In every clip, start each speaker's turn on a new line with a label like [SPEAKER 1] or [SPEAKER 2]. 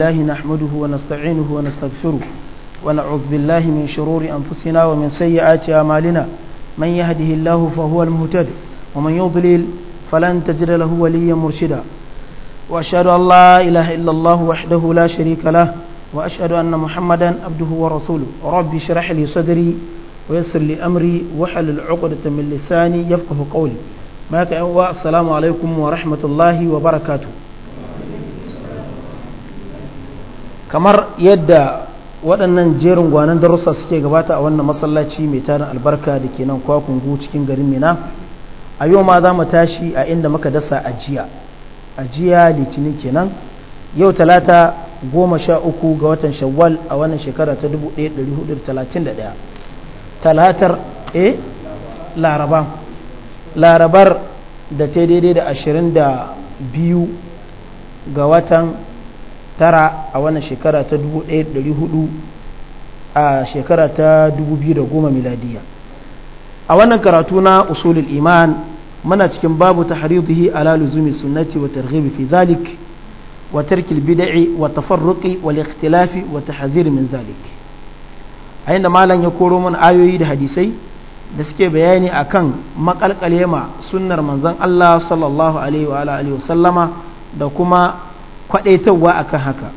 [SPEAKER 1] الله نحمده ونستعينه ونستغفره ونعوذ بالله من شرور أنفسنا ومن سيئات أعمالنا من يهده الله فهو المهتد ومن يضلل فلن تجد له وليا مرشدا وأشهد أن لا إله إلا الله وحده لا شريك له وأشهد أن محمدا عبده ورسوله ربي اشرح لي صدري ويسر لي أمري وحلل عقدة من لساني يفقه قولي ما السلام عليكم ورحمة الله وبركاته kamar yadda waɗannan jerin gwanan darussa suke gabata a wannan masallaci mai tarin albarka da ke nan kwakungu cikin garin mina a yau ma za mu tashi a inda muka dasa ajiya ajiya litinin kenan yau talata goma sha uku ga watan shawwal a wannan shekara ta 1431 talatar a eh, laraba larabar da ta daidai da 22 ga watan tara a wannan shekara ta 1400 a shekara ta 2010 miladiya a wannan karatu na usulul iman muna cikin babu tahridihi ala luzumi sunnati wa targhib fi zalik wa tarki bid'i wa tafarruqi wal ikhtilafi wa tahzir min zalik a inda malam ya koro mana ayoyi da hadisai da suke bayani akan makalkalema sunnar manzon Allah sallallahu alaihi wa alihi wa sallama da kuma kwadaitarwa akan haka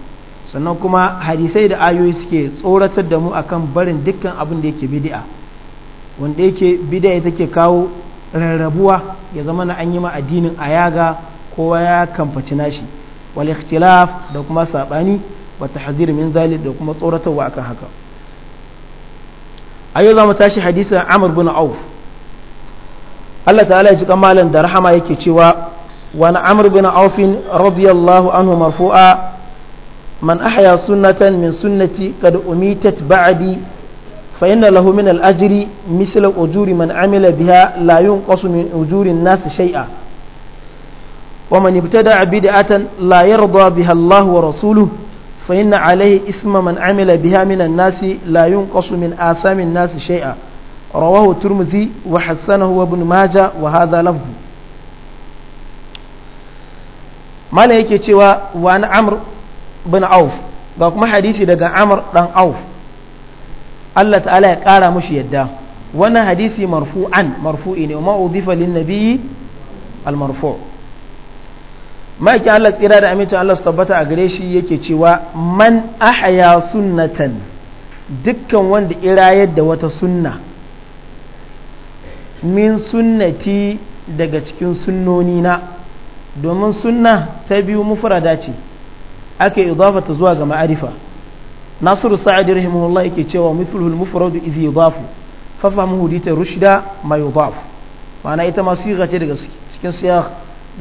[SPEAKER 1] sannan kuma hadisai da ayoyi suke tsoratar da mu akan barin dukkan abin da yake bid'a wanda yake bid'a take kawo rarrabuwa ya zama na an yi ma addinin ayaga kowa ya kamfaci nashi wal ikhtilaf da kuma sabani wa tahzir min zalik da kuma tsoratarwa akan haka ayo za mu tashi hadisin Amr bin Auf Allah ta'ala ya ji kamalan da rahama yake cewa وعن عمرو بن عوف رضي الله عنه مرفوعا من أحيا سنة من سنتي قد أميتت بعدي فإن له من الأجر مثل أجور من عمل بها لا ينقص من أجور الناس شيئا ومن ابتدع بدعة لا يرضى بها الله ورسوله فإن عليه إثم من عمل بها من الناس لا ينقص من آثام الناس شيئا رواه الترمذي وحسنه وابن ماجه وهذا لفظ malam yake cewa wa amr bin auf ga kuma hadisi daga amr dan auf Allah ta'ala ya kara mushi yadda Wani hadisi marfu'an marfu'i ne ma lin nabiyyi al marfu' maki Allah tsira da amincin Allah su tabbata a gare shi yake cewa man ahya sunnatan dukkan wanda irayar da wata sunna min sunnati daga cikin sunnoni na domin sunna ta biyu mufrada ce ake ta zuwa ga ma'arifa nasiru sa'ad rahimahullah yake cewa mithlul mufradu idh yudafu fa fahmuhu dita rushda ma yudaf ma'ana ita ma sigha ce daga cikin siyah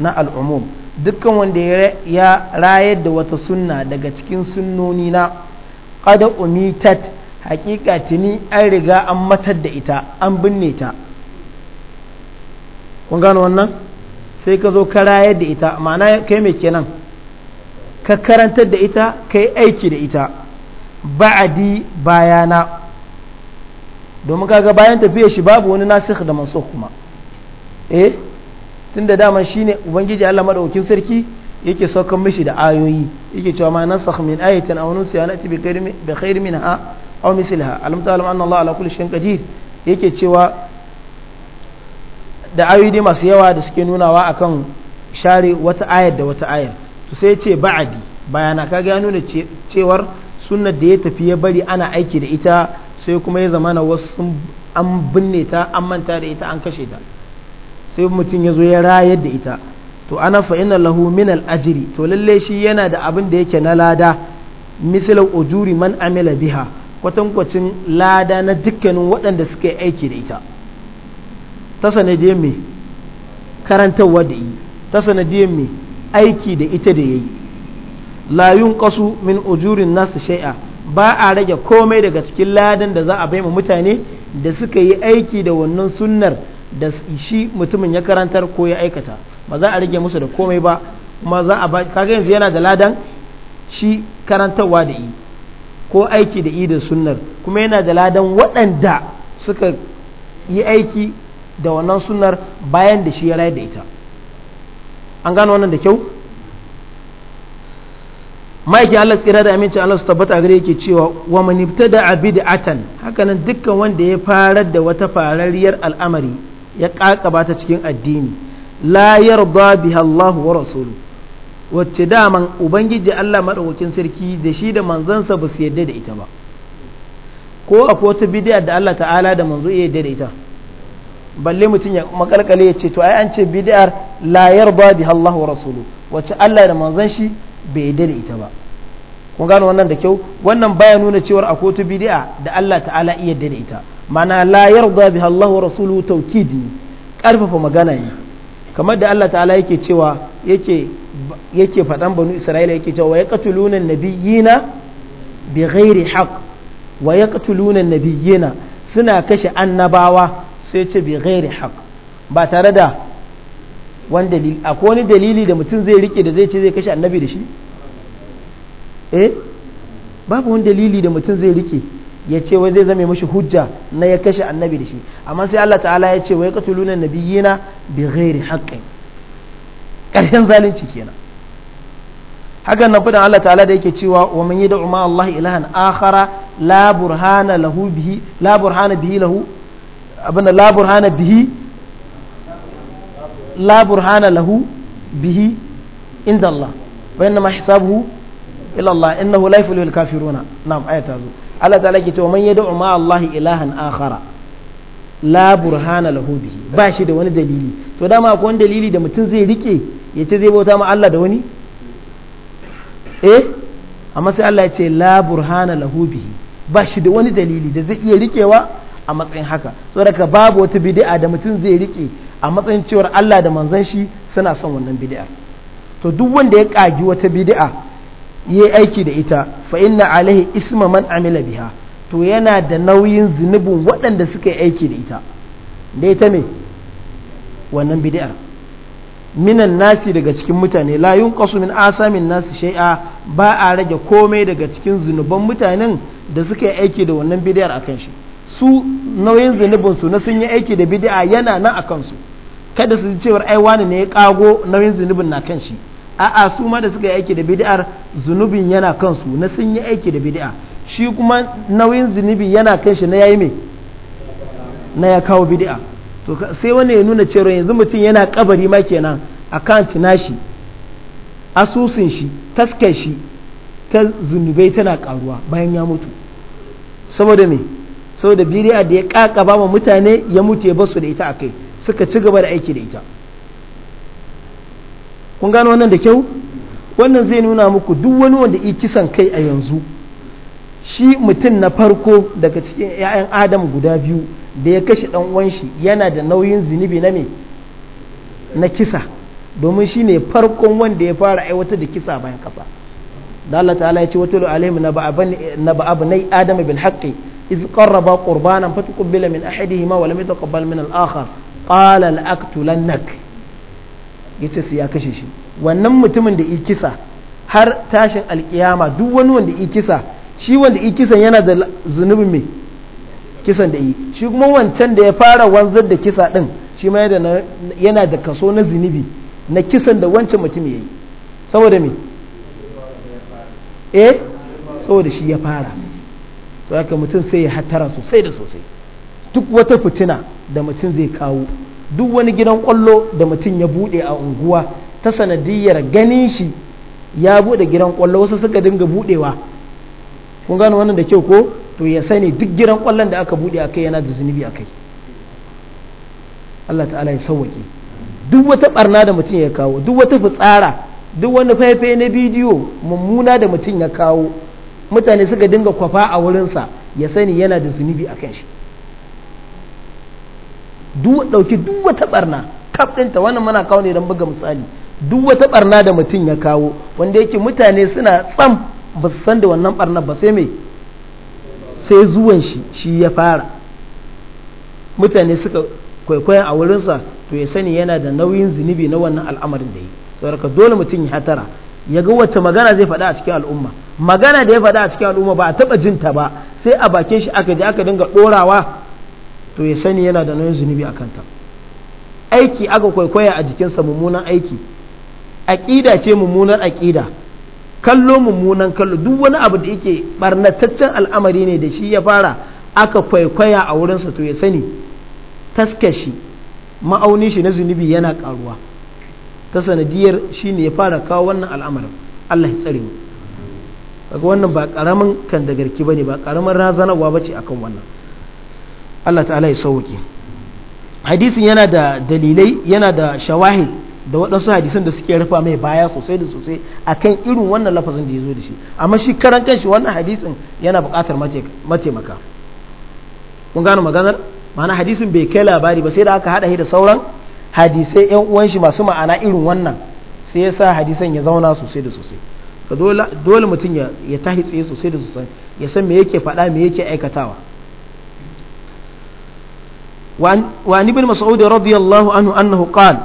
[SPEAKER 1] na al'umum dukkan wanda ya rayar da wata sunna daga cikin sunnoni na qad umitat haƙiƙa tuni an riga an matar da ita an binne ta kun gano wannan sai ka zo ka rayar da ita ma'ana kai mai kenan ka karantar da ita kai aiki da ita ba'adi bayana domin kaga bayan tafiya shi babu wani nasir da manso kuma eh tunda dama ne ubangiji Allah maɗaukin sarki yake saukan mishi da ayoyi yake cewa ma nasakh min ayatin aw nusiya nati bi khairin minha aw mislaha alam alamta anna Allah ala kulli shay'in yake cewa da ayoyi masu yawa da suke nunawa akan share wata ayar da wata ayar to sai ce ba'adi bayana kaga ya nuna cewar sunnar da ya tafi ya bari ana aiki da ita sai kuma ya zama na wasu an binne ta an manta da ita an kashe ta sai mutum ya zo ya rayar da ita to ana fa'ina lahu min al'ajiri to lalle shi yana da abin da yake na lada misalar ujuri man amila biha kwatankwacin lada na dukkanin waɗanda suka aiki da ita ta sanadiyar me karantarwa da yi ta sanadiyar mai aiki da ita da ya yi layun kasu min ujurin nasu shai'a ba a rage komai daga cikin ladan da za a bai mutane da suka yi aiki da wannan sunnar da shi mutumin ya karantar ko ya aikata ba za a rage musu da komai ba kuma za a ba kaga yanzu yana da ladan shi karantarwa da yi ko aiki da yi da sunnar kuma yana da ladan waɗanda suka yi aiki da wannan sunnar bayan da shi ya rayar da ita an gano wannan da kyau ma'aikin Allah tsira da amincin Allah su tabbata gare yake cewa wa man da atan. hakanan dukkan wanda ya farar da wata farariyar al'amari ya kakaba ta cikin addini la yarda biha Allah wa rasulu wacce daman ubangiji Allah madaukakin sarki da shi da manzansa ba su yarda da ita ba ko akwai wata bid'a da Allah ta'ala da manzo ya yadda da ita balle mutum ya makalkale ya ce to ai an ce bid'ar la yarda bi Allah wa rasulu wace Allah da manzon shi bai yarda da ita ba kun gano wannan da kyau wannan baya nuna cewar a kotu bid'a da Allah ta'ala iya yarda da ita mana la yarda bi Allah wa rasulu tawkidi karfafa magana ne kamar da Allah ta'ala yake cewa yake yake faɗan banu Isra'ila yake cewa ya qatuluna nabiyina bi ghairi haqq wa yaqtuluna nabiyina suna kashe annabawa sai ce bi gairi haƙ ba tare da wani dalili akwai wani dalili da mutum zai rike da zai ce zai kashe annabi da shi eh babu wani dalili da mutum zai rike ya ce wai zai zame mashi hujja na ya kashe annabi da shi amma sai Allah ta'ala ya ce wai katuluna nabiyina bi ghairi haqqin ƙarshen zalunci kenan hakan na fadan Allah ta'ala da yake cewa wa man yad'u ma Allah ilahan akhara la burhana lahu bihi la burhana bihi lahu abin da labur hana bihi labur hana lahu bihi inda Allah wa inna ma hisabuhu ila Allah innahu la yuflihu kafiruna na ayata zo Allah ta ke cewa man yadda ma Allah ilahan akhara labur hana lahu bihi ba shi da wani dalili to dama akwai wani dalili da mutum zai rike ya ce zai bauta ma Allah da wani eh amma sai Allah ya ce labur hana lahu bihi ba shi da wani dalili da zai iya rikewa a matsayin haka saboda babu wata bid'a da mutum zai rike a matsayin cewar Allah da manzon shi suna son wannan bid'a to duk wanda ya kagi wata bid'a yayi aiki da ita fa inna alaihi isma man amila biha to yana da nauyin zunubin waɗanda suka yi aiki da ita da ita me wannan bid'a minan nasi daga cikin mutane la yunqasu min asamin nasi shay'a ba a rage komai daga cikin zinuban mutanen da suka yi aiki da wannan bid'ar akan shi su nauyin zunubin na sun yi aiki da bid'a yana nan a kansu kada su ji cewar ai wani ne ya kago nauyin zunubin na kan shi a'a su ma da suka yi aiki da bid'ar zunubin yana kansu na sun yi aiki da bid'a shi kuma nauyin zunubi yana kan shi na yayi me na ya kawo bid'a to sai wani ya nuna cewa yanzu mutum yana kabari ma kenan akan cina shi asusun shi taskar shi ta zunubai tana karuwa bayan ya mutu saboda me saboda biriya da ya kaka ba mutane ya mutu ya basu da ita a kai suka ci gaba da aiki da ita kun gano wannan da kyau wannan zai nuna muku duk wani wanda yi kisan kai a yanzu shi mutum na farko daga cikin 'ya'yan adam guda biyu da ya kashe dan uwan shi yana da nauyin zunubi na me na kisa domin shi ne farkon wanda ya fara aiwatar da kisa bayan kasa da Allah ta'ala ya ce wata alaihim na nai adam bin haƙƙi. إذ قرب قربانا فتقبل من أحدهما ولم يتقبل من الآخر قال لأقتلنك yace sai ya kashe wannan mutumin da ikisa har tashin alkiyama duk wani wanda ikisa shi wanda ikisan yana da zunubin mai kisan da yi shi kuma wancan da ya fara wanzar da kisa din shi ma yana da kaso na zunubi na kisan da wancan mutum ya yi saboda me eh saboda shi ya fara haka mutum sai ya hattara sosai da sosai duk wata fitina da mutum zai kawo duk wani gidan kwallo da mutum ya bude a unguwa ta sanadiyar ganin shi ya bude gidan kwallo wasu suka dinga budewa kun gano wannan da kyau ko to ya sani duk gidan kwallon da aka bude akai yana da zunubi akai Allah ta'ala ya sauke duk wata barna da mutum ya kawo duk wata fitsara duk wani faifai na bidiyo mummuna da mutum ya kawo mutane suka dinga kwafa a wurinsa ya sani yana da zunubi a kan shi ɗauki duk wata barna kaf ɗinta wannan mana kawo ne don buga misali duk wata barna da mutum ya kawo wanda yake mutane suna tsam ba su san da wannan barna ba sai mai sai zuwan shi shi ya fara mutane suka kwaikwayon a wurinsa to ya sani yana da nauyin zunubi na wannan al'amarin da yi saboda dole mutum ya hatara ya ga wacce magana zai faɗa a cikin al'umma magana da ya faɗa a cikin al'umma ba a taɓa jin ta ba sai a bakin shi aka je aka dinga ɗorawa to ya sani yana da nauyin zunubi a kanta aiki aka kwaikwaya a jikinsa mummunan aiki aƙida ce mummunar aƙida kallo mummunan kallo duk wani abu da yake ɓarnataccen al'amari ne da shi ya fara aka kwaikwaya a wurinsa to ya sani taskashi ma'aunin shi na zunubi yana ƙaruwa ta sanadiyar shi ne ya fara kawo wannan al'amarin allah ya tsare mu kaga wannan ba karamin kan da garki bane ba karamin razanarwa bace akan wannan Allah ta'ala ya sauke hadisin yana da dalilai yana da shawahid da waɗansu hadisan da suke rufa mai baya sosai da sosai akan irin wannan lafazin da ya zo da shi amma shi karan kanshi wannan hadisin yana buƙatar mataimaka kun gano maganar ma'ana hadisin bai kai labari ba sai da aka haɗa shi da sauran hadisai 'yan uwan shi masu ma'ana irin wannan sai ya sa hadisan ya zauna sosai da sosai ka dole mutum ya tahi tsaye sosai da sosai ya san me yake faɗa me yake aikatawa وعن ابن مسعود رضي الله عنه أنه قال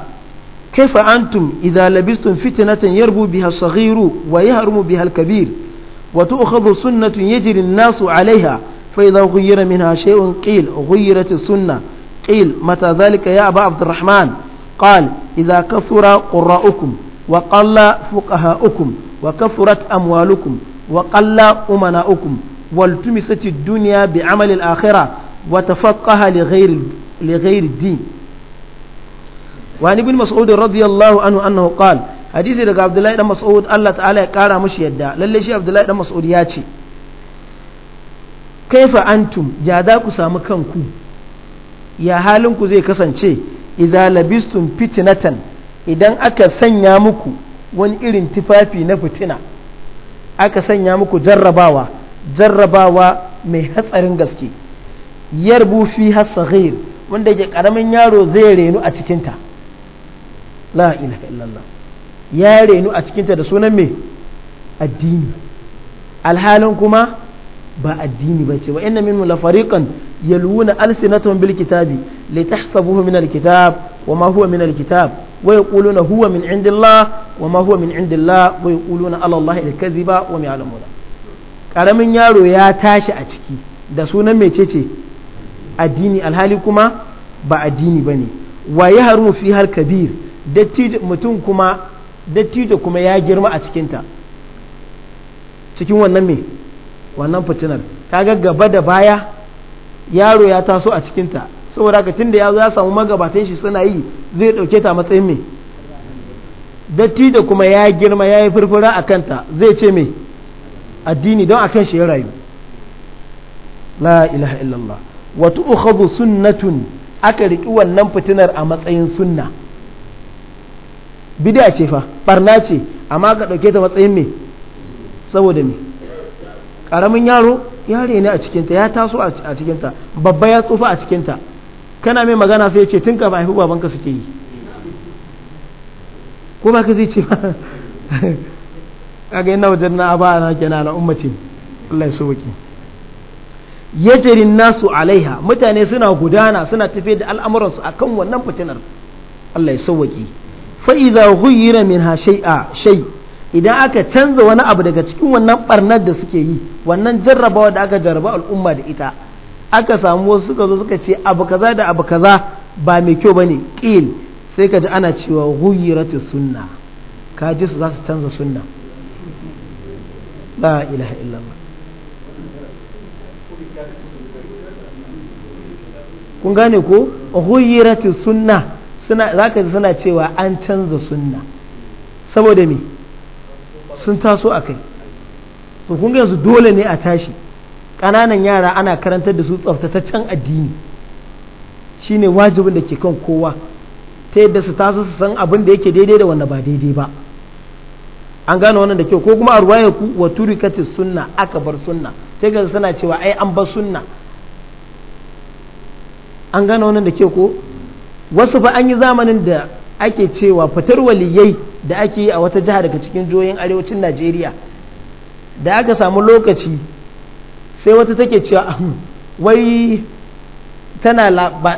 [SPEAKER 1] كيف أنتم إذا لبستم فتنة يربو بها الصغير ويهرم بها الكبير وتؤخذ سنة يجري الناس عليها فإذا غير منها شيء قيل غيرت السنة قيل متى ذلك يا أبا عبد الرحمن قال إذا كثر قراؤكم وقل فقهاؤكم wa kafurat amwalukum wa qalla umana'ukum wal tumisati dunya bi amali al akhirah wa tafaqqaha li ghairi li ghairi din wa ibn radiyallahu anhu annahu hadisi daga abdullahi dan mas'ud Allah ta'ala ya kara mashi yadda lalle shi abdullahi dan mas'ud ya ce kaifa antum ya da ku samu kanku ya halinku zai kasance idza labistum fitnatan idan aka sanya muku wani irin tufafi na fitina aka sanya muku jarrabawa jarrabawa mai hatsarin gaske yarbu fi hasaghir wanda ke karamin yaro zai renu a cikinta ya renu a cikinta da sunan mai addini alhalin kuma ba addini ba ce wa ina min la yalwuna alsinatun bil kitabi litahsabuhu min al kitab وما هو من الكتاب ويقولون هو من عند الله وما هو من عند الله ويقولون على الله الكذب وما يعلمون karamin yaro ya tashi a ciki da sunan mecece addini alhali kuma ba addini bane wa ya fi har kabir mutum kuma dattijo kuma ya girma a cikinta cikin wannan me wannan fitinar ta gaba da baya yaro ya taso a cikinta saboda ka tun ya ya samu magabatan shi suna yi zai dauke ta matsayin me datti da kuma ya girma ya yi furfura a kanta zai ce me addini don a kan shi ya rayu la ilaha illallah wa tu'khadhu sunnatun aka riƙi wannan fitinar a matsayin sunna bid'a ce fa barna ce amma ka ɗauke ta matsayin me saboda mai karamin yaro yare ne a cikinta ya taso a cikinta babba ya tsufa a cikinta kana mai magana sai ce tun ka ba haifi babanka suke yi ko ba ka zai ce ba kaga yana wajen na ba na kenan na ummatin Allah ya so baki nasu alaiha mutane suna gudana suna tafiye da al'amuransu akan wannan fitinar Allah ya sauwaki fa idza ghayyira minha shay'a shay idan aka canza wani abu daga cikin wannan barnar da suke yi wannan jarrabawa da aka jarraba al'umma da ita aka samu wasu suka zo suka ce abu kaza da abu kaza ba mai kyau bane qil sai ka ji ana cewa ghayyiratu sunna ka ji su za su canza sunna la ilaha illallah kun gane ko ghayyiratu sunna suna zaka ji suna cewa an canza sunna saboda me sun taso akai to kun ga yanzu dole ne a tashi ƙananan yara ana karantar da su tsaftataccen addini ne wajibin da ke kan kowa ta yadda su taso su san abin da yake daidai da wanda ba daidai ba an gane wannan da kyau ko kuma a ruwaya ku wa turikati sunna aka bar sunna sai ga suna cewa ai an bar sunna an gane wannan da kyau ko wasu ba an yi zamanin da ake cewa fitar waliyai da ake yi a wata jiha daga cikin jihohin arewacin najeriya da aka samu lokaci sai wata take cewa wai tana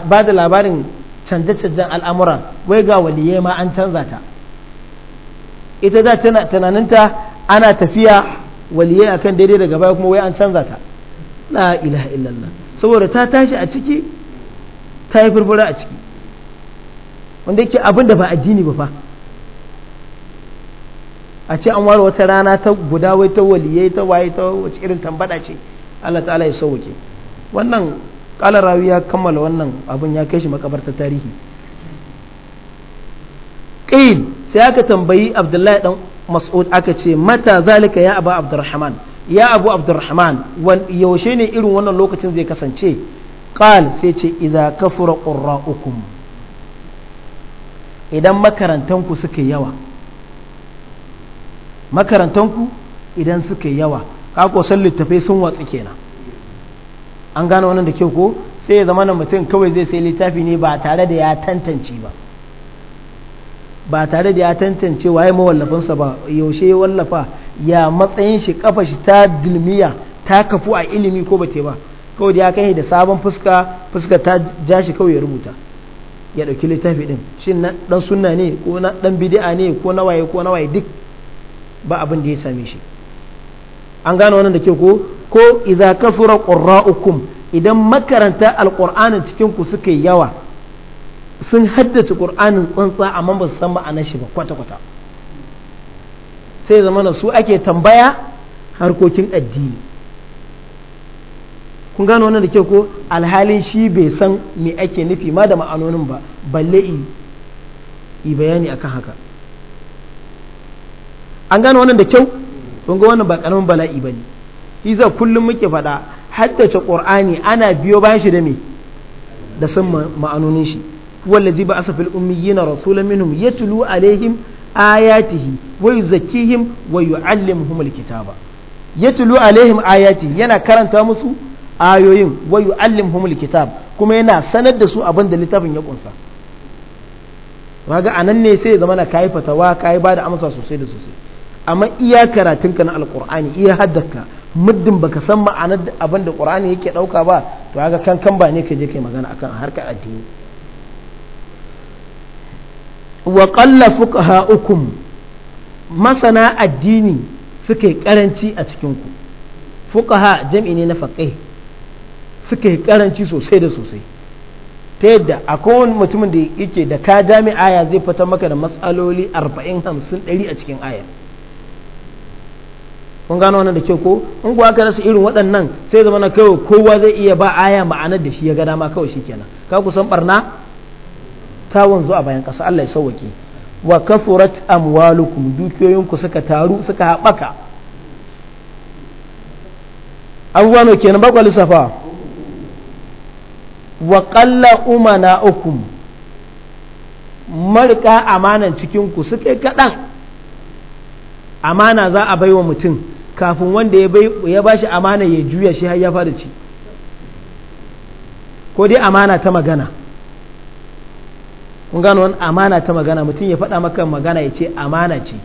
[SPEAKER 1] ba da labarin canje-canjen al'amura wai ga waliye ma an canza ta ita da tunaninta ana tafiya waliye akan daidai daga baya kuma wai an canza ta na ilaha illallah saboda ta tashi a ciki ta yi furfura a ciki wanda yake abin da ba addini ba fa a ce an ware wata rana ta guda wai ta waliyai ta waye ta wace irin tambada ce Allah ta'ala ya sauke wannan kala rawi ya kammala wannan abin ya kai shi makabartar tarihi ƙil sai aka tambayi Abdullahi dan Mas'ud aka ce mata zalika ya Abu Abdurrahman ya Abu Abdurrahman yaushe ne irin wannan lokacin zai kasance qal sai ce idza kafura qurra'ukum idan makarantanku suka yawa makarantanku idan suka yawa kako san littafai sun watsi kenan an gane wannan da kyau ko sai ya zama na mutum kawai zai sai littafi ne ba tare da ya tantance ba ba tare da ya tantance waye mawallafinsa ba yaushe ya wallafa ya matsayin shi kafa shi ta dilmiya ta kafu a ilimi ko bace ba kawai da ya kai da sabon fuska fuska ta ja shi kawai ya rubuta ya ɗauki littafi ɗin shi ɗan suna ne ko na ɗan bidi'a ne ko na waye ko na waye duk ba abin da ya same shi an gano wannan da ke ko ko idza kafura qurra'ukum idan makaranta alqur'anin cikin ku suka yawa sun haddace qur'anin tsantsa amma ba su san ma'anar shi ba kwata kwata sai zamana su ake tambaya harkokin addini kun gano wannan da ke ko alhalin shi bai san me ake nufi ma da ma'anonin ba balle i bayani akan haka an gano wannan da kyau kun ga wannan ba karamin bala'i ne. iza kullum muke faɗa haddace qur'ani ana biyo bayan shi da me da san ma'anonin shi wallazi ba asafil ummiyina rasulan minhum yatlu alaihim ayatihi wa yuzakkihim wa yuallimuhum alkitaba yatlu alaihim ayati yana karanta musu ayoyin wa yuallimuhum alkitab kuma yana sanar da su abin da littafin ya kunsa kaga anan ne sai zama na kai fatawa kai ba amsa sosai da sosai amma iya karatunka na alkur'ani iya haddaka muddin baka san ma'anar abin da qur'ani yake ɗauka ba to haka kan kan ba ne ka je kai magana akan harkar addini wa qalla fuqaha'ukum masana addini suke karanci a cikin ku fuqaha jam'i ne na faqih suke karanci sosai da sosai ta yadda a wani mutumin da yake da ka jami'a ya zai fita maka da matsaloli 40 50 100 a cikin aya kun gano wannan da kyau ko in kuwa aka rasa irin waɗannan sai zama na kawai kowa zai iya ba aya ma'anar da shi ya ga dama kawai shi kenan ka ku san barna ta wanzu a bayan ƙasa Allah ya sauwake wa kafurat amwalukum dukiyoyinku suka taru suka haɓaka abubuwa ne kenan bakwa lissafa wa ƙalla umana ukum marika amanan cikinku suka yi kaɗan amana za a baiwa mutum kafin wanda ya ba shi amana ya juya shi har ya fara ci ko dai amana ta magana kun gano wani amana ta magana mutum ya fada maka magana ya ce amana ce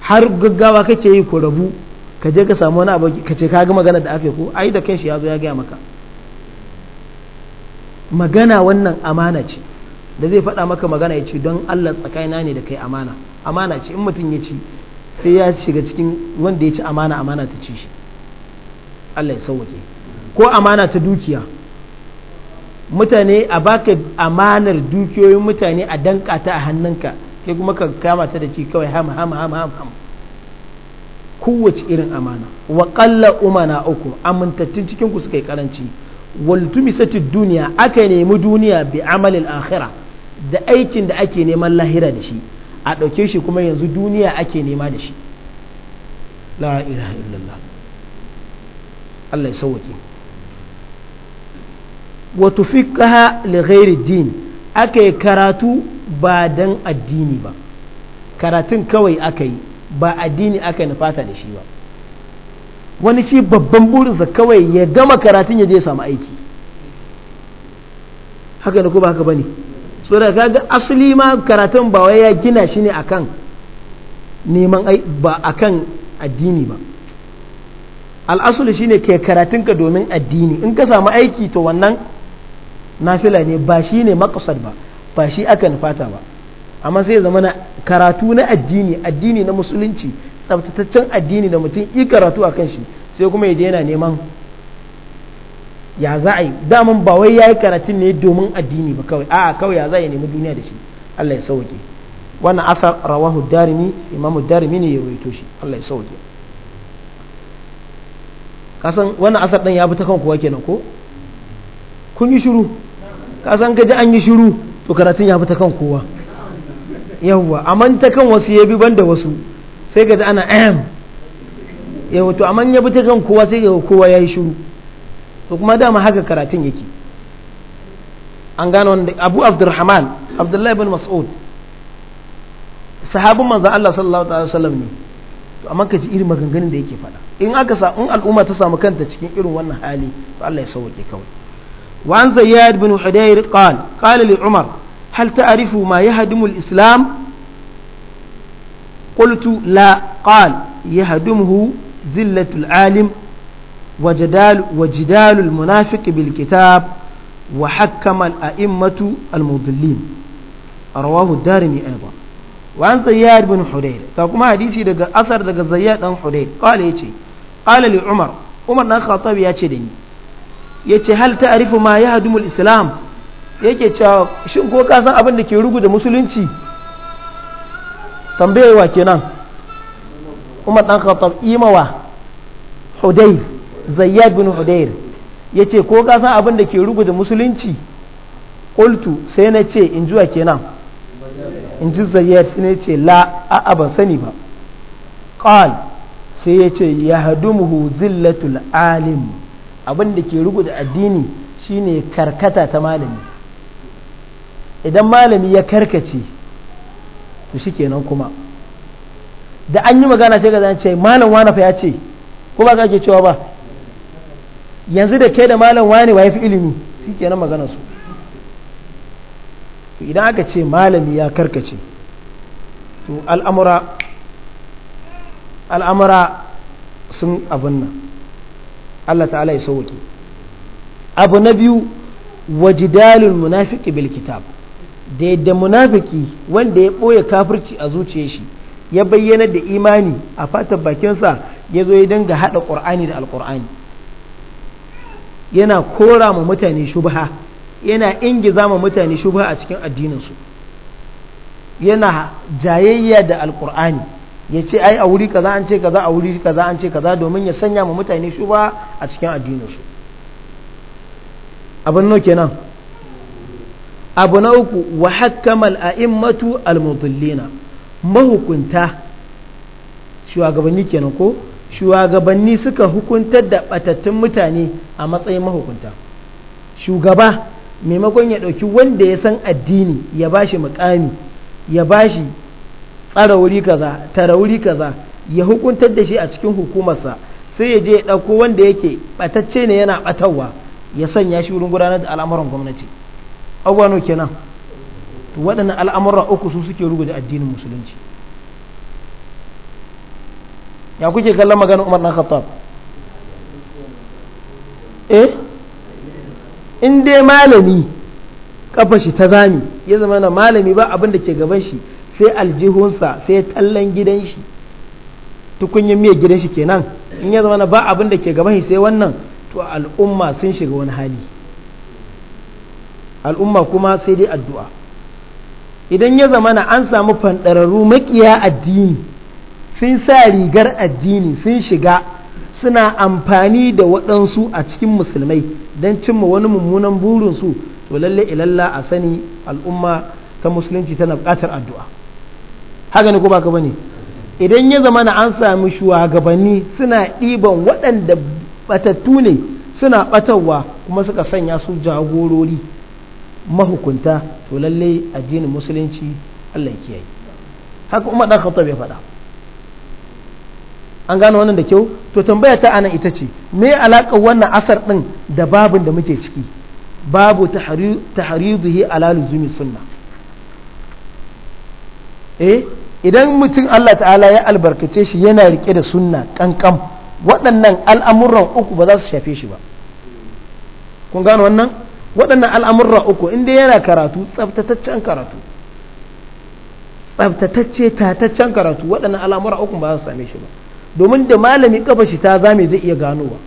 [SPEAKER 1] har gaggawa kake yi ku rabu ka je ka samu wani abu ka ce kaga magana da aka yi ko ai da kai shi ya zo ya gaya maka magana wannan amana ce da zai faɗa maka magana ya ce don allah tsakaina ne da kai amana amana ce in mutum ya ci sai ya shiga cikin wanda ya ci amana amana ta ci shi Allah ya sauwake ko amana ta dukiya mutane a baka amanar dukiyoyin mutane a danka ta a hannunka ke kuma ka kama ta da ci kawai ham ham ham ham ham kowace irin amana wa qalla umana uku amintattun cikin ku suka yi karanci wal tumisati duniya aka nemi duniya bi amalil akhirah da aikin da ake neman lahira da shi a ɗauke shi kuma yanzu duniya ake nema da shi la ilaha illallah Allah ya wa tufiqaha li ghairi din aka yi karatu ba dan addini ba karatun kawai aka yi ba addini aka nufata da shi ba wani shi babban burinsa kawai ya gama karatun ya je samu aiki haka ne ko ba haka bane so da kaga asali ma karatun ba wai ya gina shi ne akan neman ba akan addini ba al'asuli shine ke ka domin addini in ka samu aiki to wannan nafila ne ba shi ne makasar ba ba shi aka nufata ba amma sai zama na karatu na addini addini na musulunci tsabtataccen addini da mutum yi karatu akan shi sai kuma yaje yana neman ya za a yi daman ba wai ya yi karatun ne domin addini ba kawai a kawai ya za a yi nemi duniya da shi Allah ya sauke wannan asar rawahu darimi imamu darimi ne ya waito shi Allah ya sauke kasan wannan asar ɗan ya bi ta kan kowa kenan ko kun yi shiru kasan gaji an yi shiru to karatun ya bi ta kan kowa yawwa amma ta kan wasu ya bi banda wasu sai gaji ana ahem yawwa to amma ya bi ta kan kowa sai ga kowa ya yi shiru to kuma dama haka karatun yake an gano wanda abu abdurrahman abdullahi bin mas'ud sahabin manzan Allah sallallahu alaihi wasallam ne to amma ka ji irin maganganun da yake faɗa in aka sa in al'umma ta samu kanta cikin irin wannan hali to Allah ya sauke kawai wa an zayyad bin hudayr qal qala li umar hal ta'rifu ma yahdimu islam qultu la qal yahdimuhu zillatul alim وجدال وجدال المنافق بالكتاب وحكم الأئمة المضلين رواه الدارمي أيضا وعن زياد بن حدير تقوم حديثي دقى أثر دقى زياد بن حدير قال يتي قال لعمر عمر نان خطاب ياتي دني يتي هل تعرف ما يهدم الإسلام yake cewa shin ko ka san abin da ke rugu da musulunci tambayewa kenan umar dan khattab imawa hudayr zayyad bin hudayr ya ce ko ka san abin da ke ruguje musulunci ƙultu sai na ce in juwa kenan in ji zayyad sai na ce la a'a ban sani ba qal sai ya ce ya hadumuhu zillatul alim abin da ke ruguje addini shine karkata ta malami idan malami ya karkace to shikenan kuma da an yi magana sai ga zan ce malam wani fa ya ce ko ba ka ke cewa ba yanzu da ke da malam wani wa ya fi ilimi shi ke na magana su idan aka ce malami ya karkace to al'amura al'amura sun abin nan Allah ta'ala ya sauwaki abu na biyu wajidalin munafiki bil kitab da yadda munafiki wanda ya ɓoye kafirci a zuciyar shi ya bayyana da imani a fatan bakinsa ya zo ya dinga haɗa ƙur'ani da alƙur'ani yana kora ma mutane shubha yana ingiza ma mutane shubha a cikin addininsu yana jayayya da alkur'ani ya ce ai a wuri kaza an ce kaza a wuri kaza an ce kaza domin ya sanya ma mutane shubha a cikin addininsu abin no kenan abu na uku wa hakkamal a'immatu al mahukunta shugabanni kenan ko shugabanni suka hukuntar da batattun mutane a matsayin mahukunta shugaba maimakon ya ɗauki wanda ya san addini ya ba shi mukami ya bashi tsara wuri kaza tara wuri kaza ya hukuntar da shi a cikin hukumarsa sai ya je ya ɗauko wanda yake ɓatacce ne yana ɓatarwa ya sanya shi wurin gudanar da al'amuran gwamnati abubuwa kenan waɗannan al'amuran uku su suke rugu addinin musulunci ya kuke kallon magana umar na khattab eh in dai malami kafa shi ta zami ya zama na malami ba abin da ke gaban shi sai aljihunsa sai tallan gidan shi tukunyin miya gidan shi kenan in ya zama na ba abin da ke gaban shi sai wannan to al'umma sun shiga wani hali al'umma kuma sai dai addu'a idan ya zama na an samu fanɗararru makiya addini sun sa rigar addini sun shiga suna amfani da waɗansu a cikin musulmai don cimma wani mummunan burinsu to lalle ilalla a sani al'umma ta musulunci tana buƙatar addu'a haka ne ko ba baka bane idan ya zama na an sami shugabanni suna ɗiban waɗanda batattu ne suna ɓatarwa kuma suka sanya su jagorori mahukunta to lalle addinin musulunci Allah ya kiyaye haka umar dan ya faɗa an gano wannan da kyau to tambaya ta ana ita ce me alaƙar wannan asar ɗin da babin da muke ciki babu tahariduhi ala luzumi sunna eh idan mutum Allah ta'ala ya albarkace shi yana rike da sunna kankan waɗannan al'amuran uku ba za su shafe shi ba kun gano wannan waɗannan al'amuran uku inda yana karatu tsabtataccen karatu tsabtatacce tataccen karatu waɗannan al'amuran uku ba za su same shi ba domin da malami kafa shi ta zame zai iya ganowa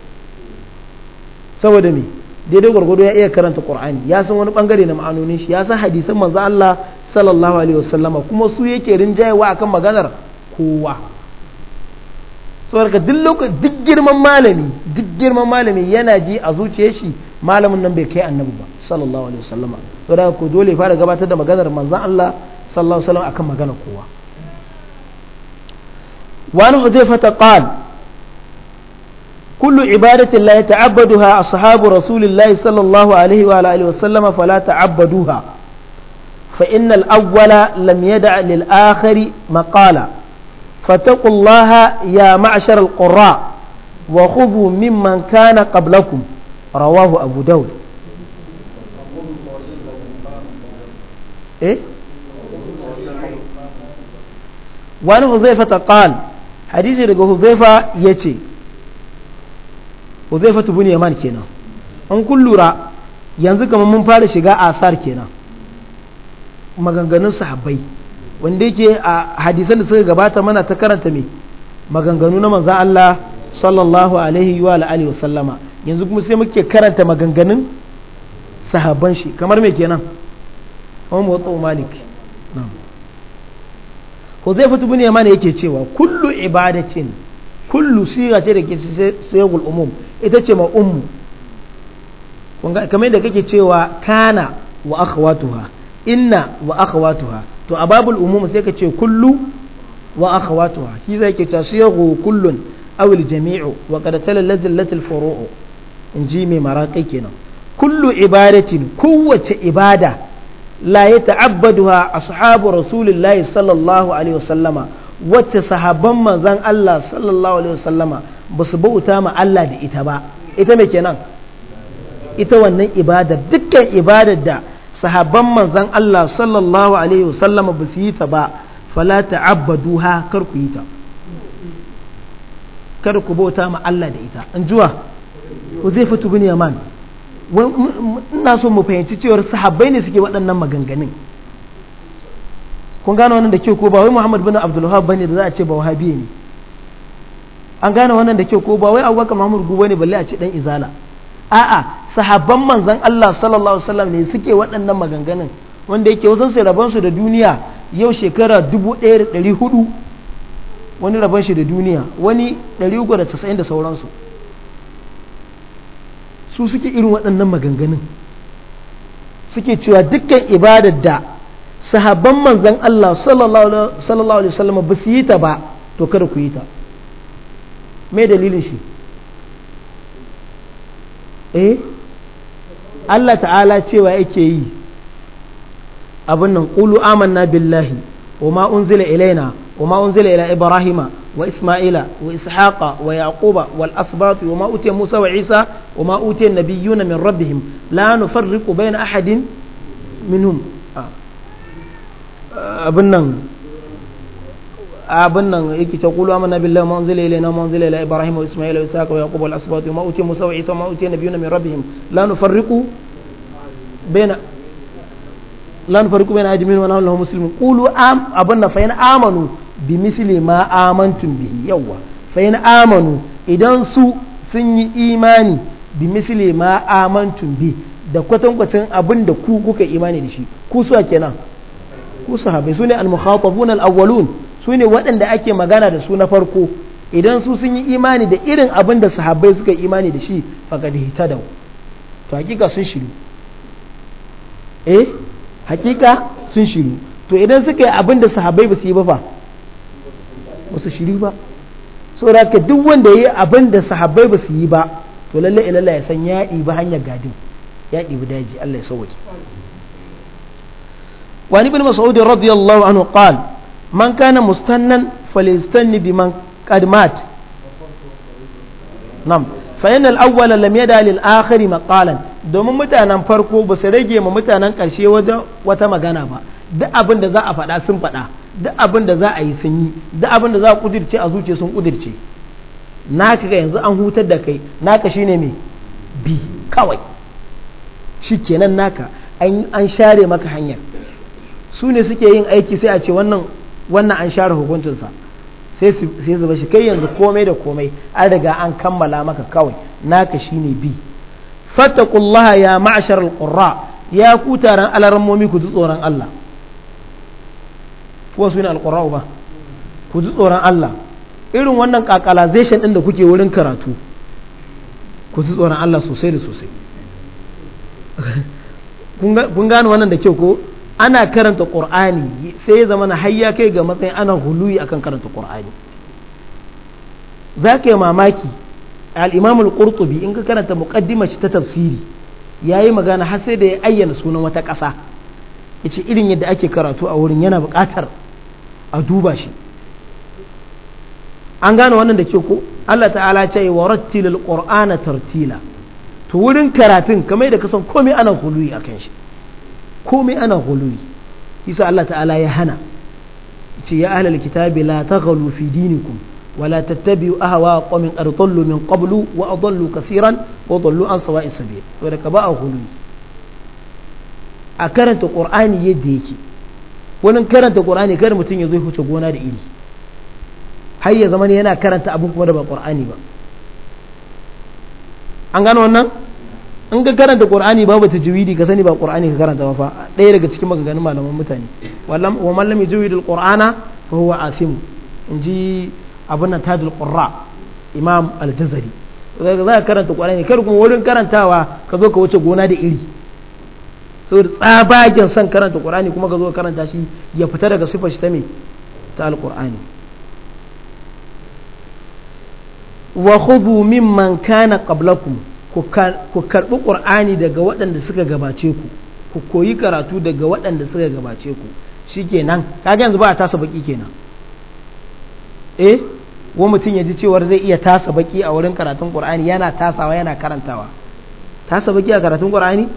[SPEAKER 1] saboda me daidai gwargwado ya iya karanta qur'ani ya san wani bangare na ma'anonin shi ya san hadisan manzo Allah sallallahu alaihi wasallama kuma su yake rinjayewa akan maganar kowa saboda duk lokacin duk girman malami duk girman malami yana ji a zuciyar shi malamin nan bai kai annabi ba sallallahu alaihi wasallama saboda ko dole fara gabatar da maganar manzo Allah sallallahu alaihi wasallam akan maganar kowa وعن حذيفة قال كل عبادة لا يتعبدها أصحاب رسول الله صلى الله عليه وعلى آله وسلم فلا تعبدوها فإن الأول لم يدع للآخر مقالا فاتقوا الله يا معشر القراء وخذوا ممن كان قبلكم رواه أبو داود إيه؟ وعن حذيفة قال hadisi daga huzaifa ya ce huzaifa tu ne yaman kenan an kun lura yanzu kamar mun fara shiga asar kenan maganganun sahabbai wanda yake a hadisan da suka gabata mana ta karanta mai maganganu na manzan Allah sallallahu alaihi wa alihi wa sallama yanzu kuma sai muke karanta maganganun sahabban shi kamar me kenan Umar Malik Huzaifa ibn Yaman yake cewa kullu ibadatin kullu siga ce da ke sayagul umum ita ce ma ummu kamar da kake cewa kana wa akhawatuha inna wa akhawatuha to a babul umum sai ka ce kullu wa akhawatuha shi zai ke ta siyagu kullun aw al jami'u wa qad talallalat al furu'u in ji mai maraƙai kenan kullu ibadatin kowace ibada la ya ta'abbaduha ashabu rasulillahi sallallahu alaihi wasallama wacce sahaban manzan Allah sallallahu alaihi wasallama ba su bauta ma Allah da ita ba ita me kenan ita wannan ibadar dukkan ibadar da sahabban manzan Allah sallallahu alaihi wasallama ba su yi ta ba fala ta'abbaduha kar ku yi ta kar ku bauta ma Allah da ita an juwa Huzaifatu bin ina so mu fahimci cewar sahabbai ne suke waɗannan maganganun kun gane wannan da ke ko ba wai Muhammad bin Abdul Wahhab bane da za a ce ba wahabi ne an gane wannan da ke ko ba wai Abubakar Muhammad Gubo ne balle a ce dan izala a'a sahabban manzon Allah sallallahu alaihi wasallam ne suke waɗannan maganganun wanda yake wasan sai rabon su da duniya yau shekara 1400 wani rabon shi da duniya wani 390 da sauransu su suke irin waɗannan maganganun suke cewa dukkan ibadar da sahabban manzan Allah sallallahu alaihi wasallam ba su yi ta ba to kada ku yi ta me dalilin shi eh Allah ta'ala cewa yake yi abin nan ƙulu amanna billahi wa ma unzila ilaina وما أنزل إلى إبراهيم وإسماعيل وإسحاق ويعقوب والأسباط وما أوتي موسى وعيسى وما أوتي النبيون من ربهم لا نفرق بين أحد منهم أبنا أبنا إيكي تقول آمنا بالله ما أنزل إلينا وما أنزل إلى إبراهيم وإسماعيل وإسحاق ويعقوب والأسباط وما أوتي موسى وعيسى وما أوتي النبيون من ربهم لا نفرق بين لا نفرق بين أحد منهم ونحن له مسلمون قولوا آم أبنا فإن آمنوا bi misli ma amantum bihi yawa fa in amanu idan su sun yi imani bi misli ma amantum bi da kwatankwacin abin da ku kuka imani da shi ku su kenan ku sahabai su ne al-mukhatabun al-awwalun su ne waɗanda ake magana da su na farko idan su sun yi imani da irin abin da sahabbai suka imani da shi faqad hitadaw to hakika sun shiru eh hakika sun shiru to idan suka yi abin da sahabbai ba su yi ba fa ba su shiri ba saboda ka duk wanda ya yi abin da sahabbai ba su yi ba to lalle ilalla ya san ya ɗibi hanyar gadin ya ɗibi daji Allah ya sauke wani ibn mas'ud radiyallahu anhu qal man kana mustannan falyastanni biman qad nam fa inna al-awwala lam yada lil akhir maqalan domin mutanen farko ba su rage ma mutanen karshe wata magana ba duk abin da za a faɗa sun faɗa duk abin da za a yi sun yi duk abin da za a kudirce a zuciya sun kudirce naka ga yanzu an hutar da kai naka shine mai bi kawai shi kenan naka an share maka hanyar. su ne suke yin aiki sai a ce wannan an share hukuncinsa sai zuba shi. kai yanzu komai da komai an riga an kammala maka kawai naka shine bi fattakullaha ya ma'ashar alqurra ya ku taron alarammomi ku ji tsoron Allah ko su ne alƙura'u ba ku ji tsoron Allah irin wannan kakalazeshen ɗin da kuke wurin karatu ku ji tsoron Allah sosai da sosai kun gane wannan da kyau ko ana karanta ƙur'ani sai ya zama na hayya kai ga matsayin ana huluyi akan karanta ƙur'ani za ka yi mamaki al'imam al in ka karanta muƙaddima shi ta tafsiri ya yi magana har sai da ya ayyana sunan wata ƙasa ya ce irin yadda ake karatu a wurin yana buƙatar a duba shi an gane wannan da ke ko Allah ta'ala ce wa rattilil qur'ana tartila to wurin karatun kamar da kasan komai ana huluyi akan shi komai ana huluyi yasa Allah ta'ala ya hana ce ya ahlal kitabi la taghalu fi dinikum ولا تتبعوا أهواء قوم قد ضلوا من قبل وأضلوا كثيرا وضلوا عن سواء السبيل ولك باء غلو أكرنت القرآن يديك wani karanta ƙorani kar mutum ya zo huce gona da iri har ya zama yana karanta abin kuma da ba ƙorani ba an gano wannan in ka karanta ba ba babu jiwidi ka sani ba ƙorani ka karanta ba fa ɗaya daga cikin maganganun malaman mutane wa mallami jiwidi ƙorana fa huwa asim ji abin na tajul ƙorra imam aljazari za ka karanta ƙorani kar kuma wurin karantawa ka zo ka wuce gona da iri saboda tsabagen son karanta qur'ani kuma ka zo karanta shi ya fita daga sifar shi ta me ta alƙur'ani wa khudhu mimman kana qablakum ku karbi qur'ani daga waɗanda suka gabace ku ku koyi karatu daga waɗanda suka gabace ku shikenan kaga yanzu ba a tasa kenan eh wa mutum ya ji cewar zai iya tasa baki a wurin karatun qur'ani yana tasawa yana karantawa tasa baki a karatun qur'ani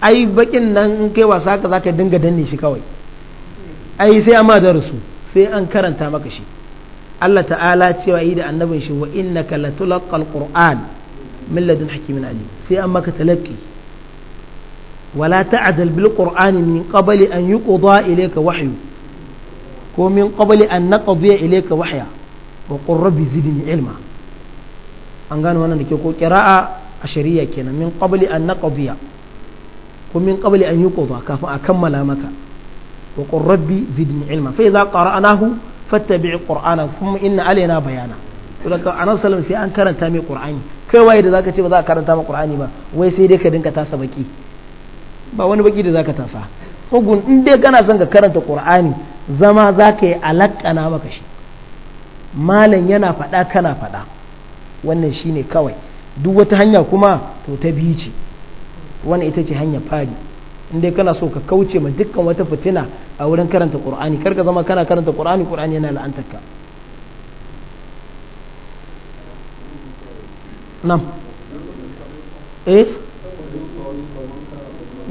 [SPEAKER 1] ai bakin nan in kai wasa ka zaka dinga danne shi kawai ai sai amma darasu sai an karanta maka shi Allah ta'ala cewa yi da annabin shi wa innaka latulqal qur'an min ladun hakimin alim sai an maka talaqqi wala ta'dal bil qur'ani min qabli an yuqda ilayka wahyu ko min qabli an naqdiya ilayka wahya wa qur rabbi zidni ilma an gano wannan da ke ko qira'a a shari'a kenan min qabli an naqdiya kumin min an an yuqda kafin a kammala maka wa rabbi zidni ilma fa idza qara'nahu fattabi' qur'ana kuma inna alaina bayana to daga annabi sallallahu sai an karanta mai qur'ani kai waye da zaka ce ba za ka karanta mai qur'ani ba wai sai dai ka dinka tasa baki ba wani baki da zaka tasa tsugun in dai kana son ka karanta qur'ani zama zaka yi alakana maka shi malam yana faɗa kana faɗa wannan shine kawai duk wata hanya kuma to ta biyu ce wani ita ce hanyar fari in dai kana so ka kauce ma dukkan wata fitina a wurin karanta qur'ani karka zama kana karanta qur'ani qur'ani yana la'antarka nan eh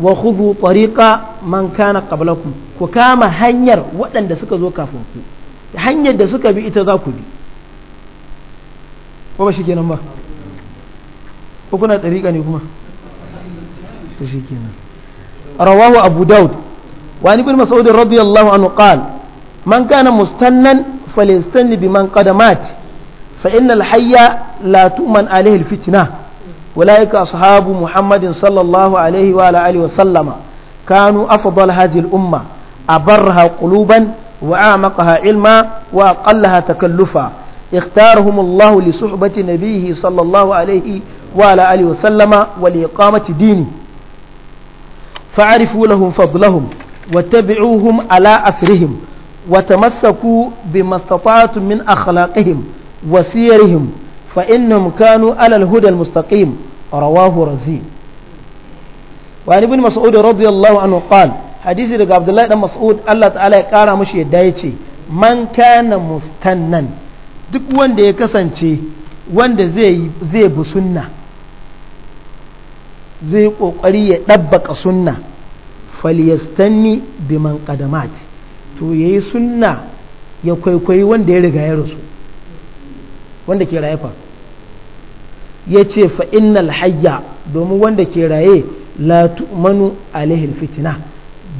[SPEAKER 1] wa khudhu tariqa man kana qablakum ku kama hanyar waɗanda suka zo kafin ku hanyar da suka bi ita za ku bi ko ba shi kenan ba ko kuna tariqa ne kuma shi kenan rawahu abu daud wa ibn mas'ud radiyallahu anhu qala man kana mustannan falyastanni biman qadamat fa innal hayya la tu'man alayhi alfitna ulaika ashabu muhammadin sallallahu wa alihi wa sallama kanu afdal hadhihi al-umma abarraha quluban وأعمقها علما وأقلها تكلفا اختارهم الله لصحبة نبيه صلى الله عليه وعلى آله وسلم ولإقامة دينه fa'arifu lahum fadlahum واتبعوهم على أسرهم وتمسكوا بما استطعتم من أخلاقهم وسيرهم فإنهم كانوا على الهدى المستقيم رواه رزين وعن ابن مسعود رضي الله عنه قال حديث رجع عبد الله بن مسعود الله تعالى قال مشي دايتي من كان مستنن duk wanda ya kasance wanda zai bi sunna zai kokari ya ɗabbaka sunna falyastanni man qadamat to yayi sunna ya kwaikwayi wanda ya riga ya rasu wanda ke raye fa ya ce fa innal hayya domin wanda ke raye la tu'manu alaihi fitina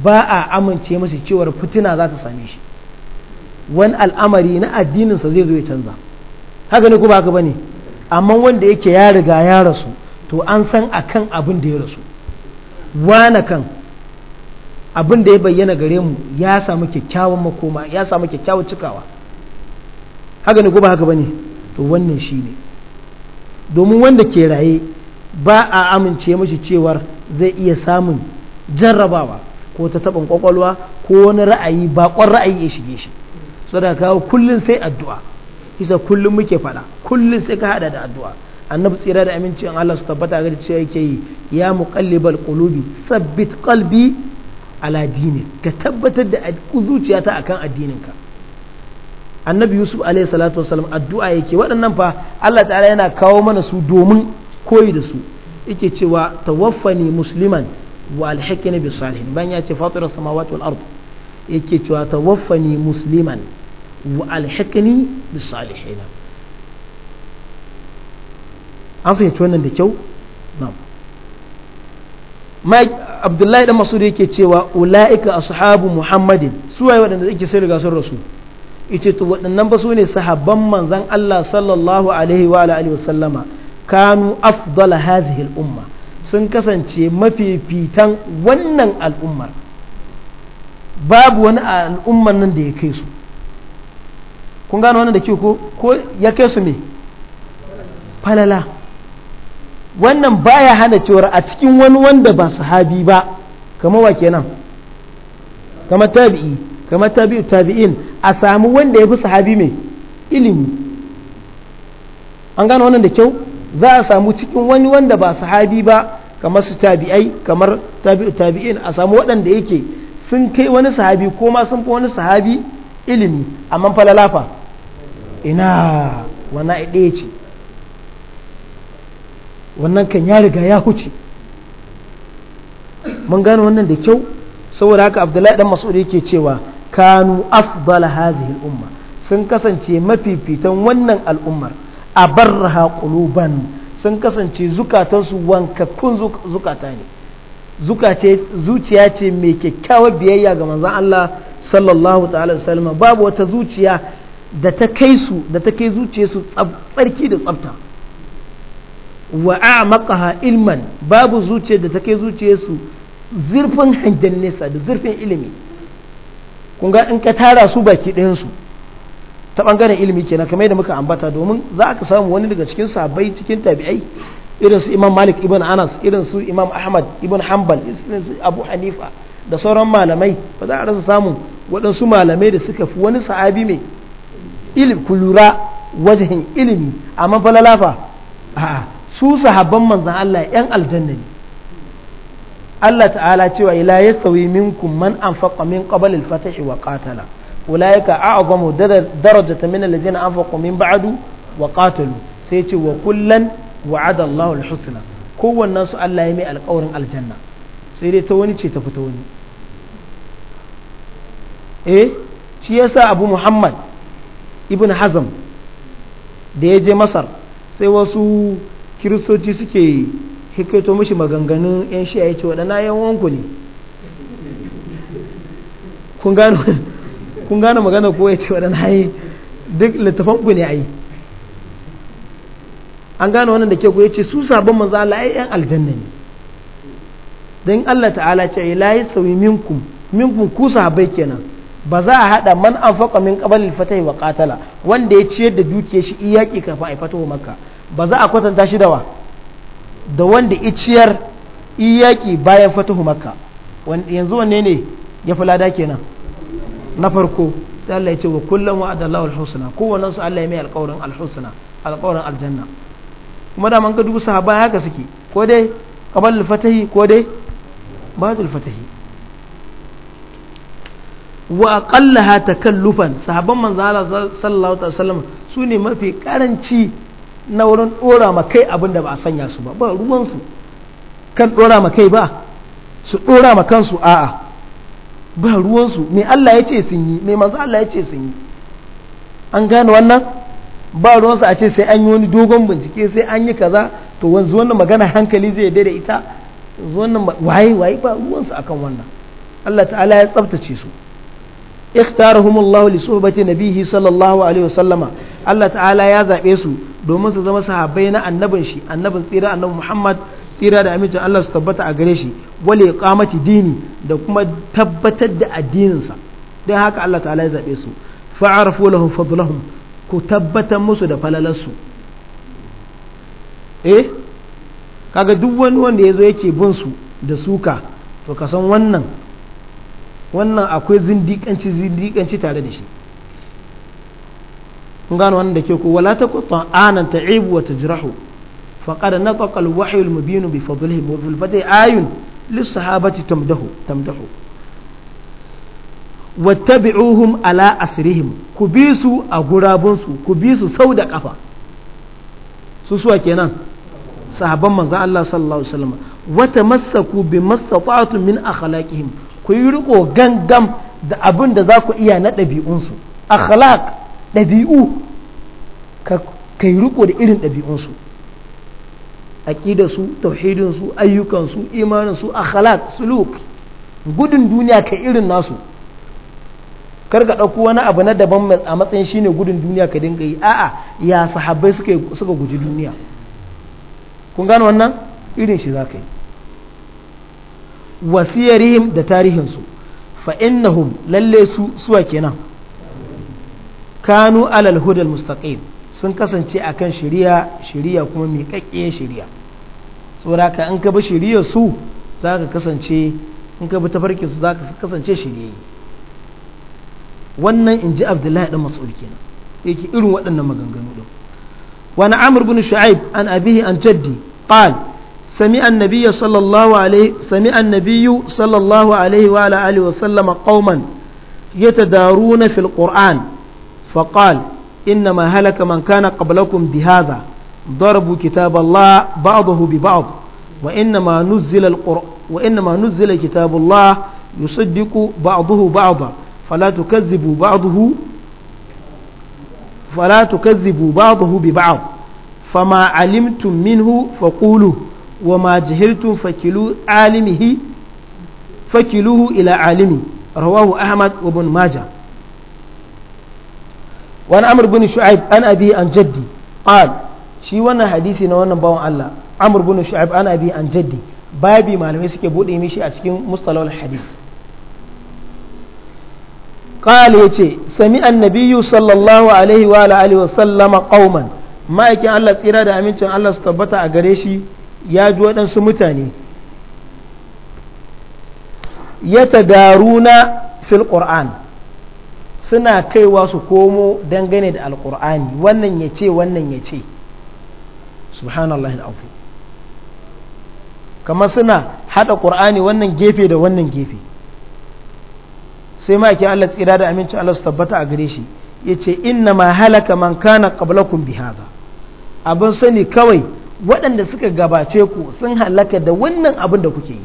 [SPEAKER 1] ba a amince masa cewar fitina za ta same shi wani al'amari na addininsa zai zo ya canza haka ne ko ba haka bane amma wanda yake ya riga ya rasu to an san a kan abin da ya rasu wane kan abin da ya bayyana gare mu ya samu kyakkyawan makoma ya samu kyakkyawan cikawa haka ne ko ba haka to wannan shi ne domin wanda ke raye ba a amince mashi cewar zai iya samun jarrabawa ko ta taɓin kwakwalwa ko wani ra'ayi baƙon ra'ayi ya shige shi saboda kawo kullum sai addu'a isa kullum muke faɗa kullum sai ka haɗa da addu'a annabi tsira da amincin Allah su tabbata ga cewa yake yi ya muqallibal qulubi sabbit qalbi ala dini ka tabbatar da zuciyata akan addininka annabi yusuf alaihi salatu wasallam addu'a yake waɗannan fa Allah ta'ala yana kawo mana su domin koyi da su yake cewa tawaffani musliman wa alhaqini bis salihin ban ya ce fatira samawati wal ard yake cewa tawaffani musliman wa alhaqini bis salihin an fahimci wannan da kyau abdullahi dan masud yake cewa ula'ika ashabu muhammadin su waye waɗanda yake sai rigasar rasu yace to waɗannan ba su ne sahabban manzon Allah sallallahu alaihi wa alihi wa sallama kanu afdal hadhihi al-umma sun kasance mafifitan wannan al'ummar babu wani al'ummar nan da ya kai su kun gano wannan da kyau ko ya kai su ne falala wannan baya hana cewa a cikin wani wanda ba sahabi ba kamar wa kenan kamar tabi'i kamar tabi'u tabi'in a samu wanda ya fi sahabi mai ilimi an gano wannan da kyau za a samu cikin wani wanda ba sahabi ba kamar su tabi'ai kamar tabi'u tabi'in a samu waɗanda yake sun kai wani sahabi ko ma sun fi wani sahabi ilimi amma falalafa ina wana ɗaya ce wannan kan ya riga ya huce mun gano wannan da kyau saboda haka abdullahi dan masudi yake cewa kanu afdal hadhihi al-umma sun kasance mafifitan wannan al'ummar a barraha quluban sun kasance zukatansu wankakkun zukata ne zukace zuciya ce mai kyakkyawar biyayya ga manzon Allah sallallahu ta'ala wasallam babu wata zuciya da ta kai su da ta kai zuciyarsu tsarki da tsafta wa a'maqaha ilman babu zuciyar da take zuciyar su zurfin hangen nesa da zurfin ilimi kun ga in ka tara su baki ɗayan su ta ɓangaren ilimi kenan kamar yadda muka ambata domin za ka samu wani daga cikin sahabbai cikin tabi'ai irin su Imam Malik ibn Anas irin su Imam Ahmad ibn Hanbal irin su Abu Hanifa da sauran malamai ba za a rasa samun waɗansu malamai da suka fi wani sahabi mai kulura wajen ilimi amma falalafa a'a su sahabban manzan Allah yan aljanna ne Allah ta'ala cewa ila yastawi minkum man anfaqa min qabl al-fath wa qatala ulaika a'zamu darajatan min an anfaqu min ba'adu wa qatalu sai ce wa kullan wa'ada Allahu al kowannen su Allah ya mai alƙawarin aljanna sai dai ta wani ce ta fita wani eh shi yasa Abu Muhammad ibn Hazm da ya je Masar sai wasu kiristoci suke hikaito mashi maganganun 'yan shi ya ce waɗanda 'yan wanku ne kun gano magana ko ya ce waɗanda yi duk littafanku ne yi an gano wannan da ke ku ya ce su sabon manzo Allah ai 'yan aljanna ne don Allah ta'ala ce la yastawi minkum minkum ku sahabbai kenan ba za a haɗa man an faƙa min ƙabalin fatai wa ƙatala wanda ya ciyar da dukiyar shi iyaki kafin a fatawa maka ba za a kwatanta shi da wa da wanda iciyar iyaki bayan fatuhu makka yanzu wanne ne ya fi lada kenan na farko sai Allah ya ce wa kullum wa adallahu alhusna kowannen su Allah ya mai alƙawarin alhusna alƙawarin aljanna kuma da man ga dubu sahaba haka suke ko dai qabal fatahi ko dai ba'dul fatahi wa aqallaha takallufan sahaban manzo Allah sallallahu alaihi wasallam su ne mafi karanci na wurin ɗora ma kai abin da ba a sanya su ba ba ruwansu kan ɗora ma kai ba su ɗora ma kansu a'a ba ruwansu mai Allah ya ce sun yi mai manzo Allah ya ce sun yi an gane wannan ba ruwansu a ce sai an yi wani dogon bincike sai an yi kaza to wanzu wannan magana hankali zai daida ita wannan waye waye ba ruwansu akan wannan Allah ta'ala ya tsabtace su اختارهم الله لصحبة نبيه صلى الله عليه وسلم الله تعالى يا زابي su domin su zama sahabbai na annabin shi annabin tsira annabi Muhammad tsira da amincin Allah su tabbata a gare shi wale qamati dini da kuma tabbatar da addininsa don haka Allah ta'ala ya zabe su fa'arafu lahum fadlahum ku tabbatar musu da falalarsu eh kaga duk wani wanda yazo yake bin su da suka to ka san wannan wannan akwai zindiƙanci zindiƙanci tare da shi kun gano wannan da ke ku wala ta kuta anan ta ibu wa tajrahu faqad nataqa al-wahyu al-mubin bi fadlihi wa bil fadhi ayun lis sahabati tamdahu tamdahu wattabi'uhum ala asrihim ku bi su a gurabunsu ku bi su sau da ƙafa su suwa kenan sahabban manzon Allah sallallahu alaihi wasallam wata masaku bi mastata'tum min akhlaqihim ku yi riko gangam da abin da za ku iya na ɗabi'unsu akhlaq ɗabi'u ka yi riko da irin ɗabi'unsu aƙidarsu tauhidinsu ayyukansu imaninsu akhlaq suluk gudun duniya ka irin nasu kar ka ɗauko wani abu na daban a matsayin shine gudun duniya ka dinga yi a'a ya sahabbai suka guji duniya kun gano wannan irin shi za ka yi wasiyarihim da tarihinsu fa innahum lalle su suwa kenan kanu alal hudal mustaqim sun kasance akan shari'a shari'a kuma mai kakkiyen shari'a saboda ka in ka bi shari'a su za ka kasance in ka bi tafarkin su za ka kasance shari'a wannan in ji abdullahi dan mas'ud kenan yake irin waɗannan maganganu din wani amr bin shu'aib an abihi an jaddi qal سمع النبي صلى الله عليه سمع النبي صلى الله عليه وعلى آله وسلم قوما يتدارون في القرآن فقال إنما هلك من كان قبلكم بهذا ضربوا كتاب الله بعضه ببعض وإنما نزل القرآن وإنما نزل كتاب الله يصدق بعضه بعضا فلا تكذبوا بعضه فلا تكذبوا بعضه ببعض فما علمتم منه فقولوه wa ma jahiltum fakiluhu ila alimi rawahu ahmad wa ibn majah wa bin shu'aib an abi an jaddi qal shi wannan hadisi na wannan bawan Allah amr bin shu'aib an abi an jaddi babi malamai suke bude mishi a cikin mustalahul hadith قال يتي سمع النبي صلى الله عليه وآله وسلم قوما ما يكن الله تيرا دا أمين الله ستبتا أغريشي ya ji waɗansu mutane ya na fil qur'an suna kaiwa su komo dangane da alƙur'ani wannan ya ce wannan ya ce subhanallah al'afu kamar suna haɗa ƙur'ani wannan gefe da wannan gefe sai ma'aikin Allah tsira da amincin Allah su tabbata a gare shi ya ce inna ma halaka man kana kun bi abin sani kawai waɗanda suka gabace ku sun halaka da wannan abin da kuke yi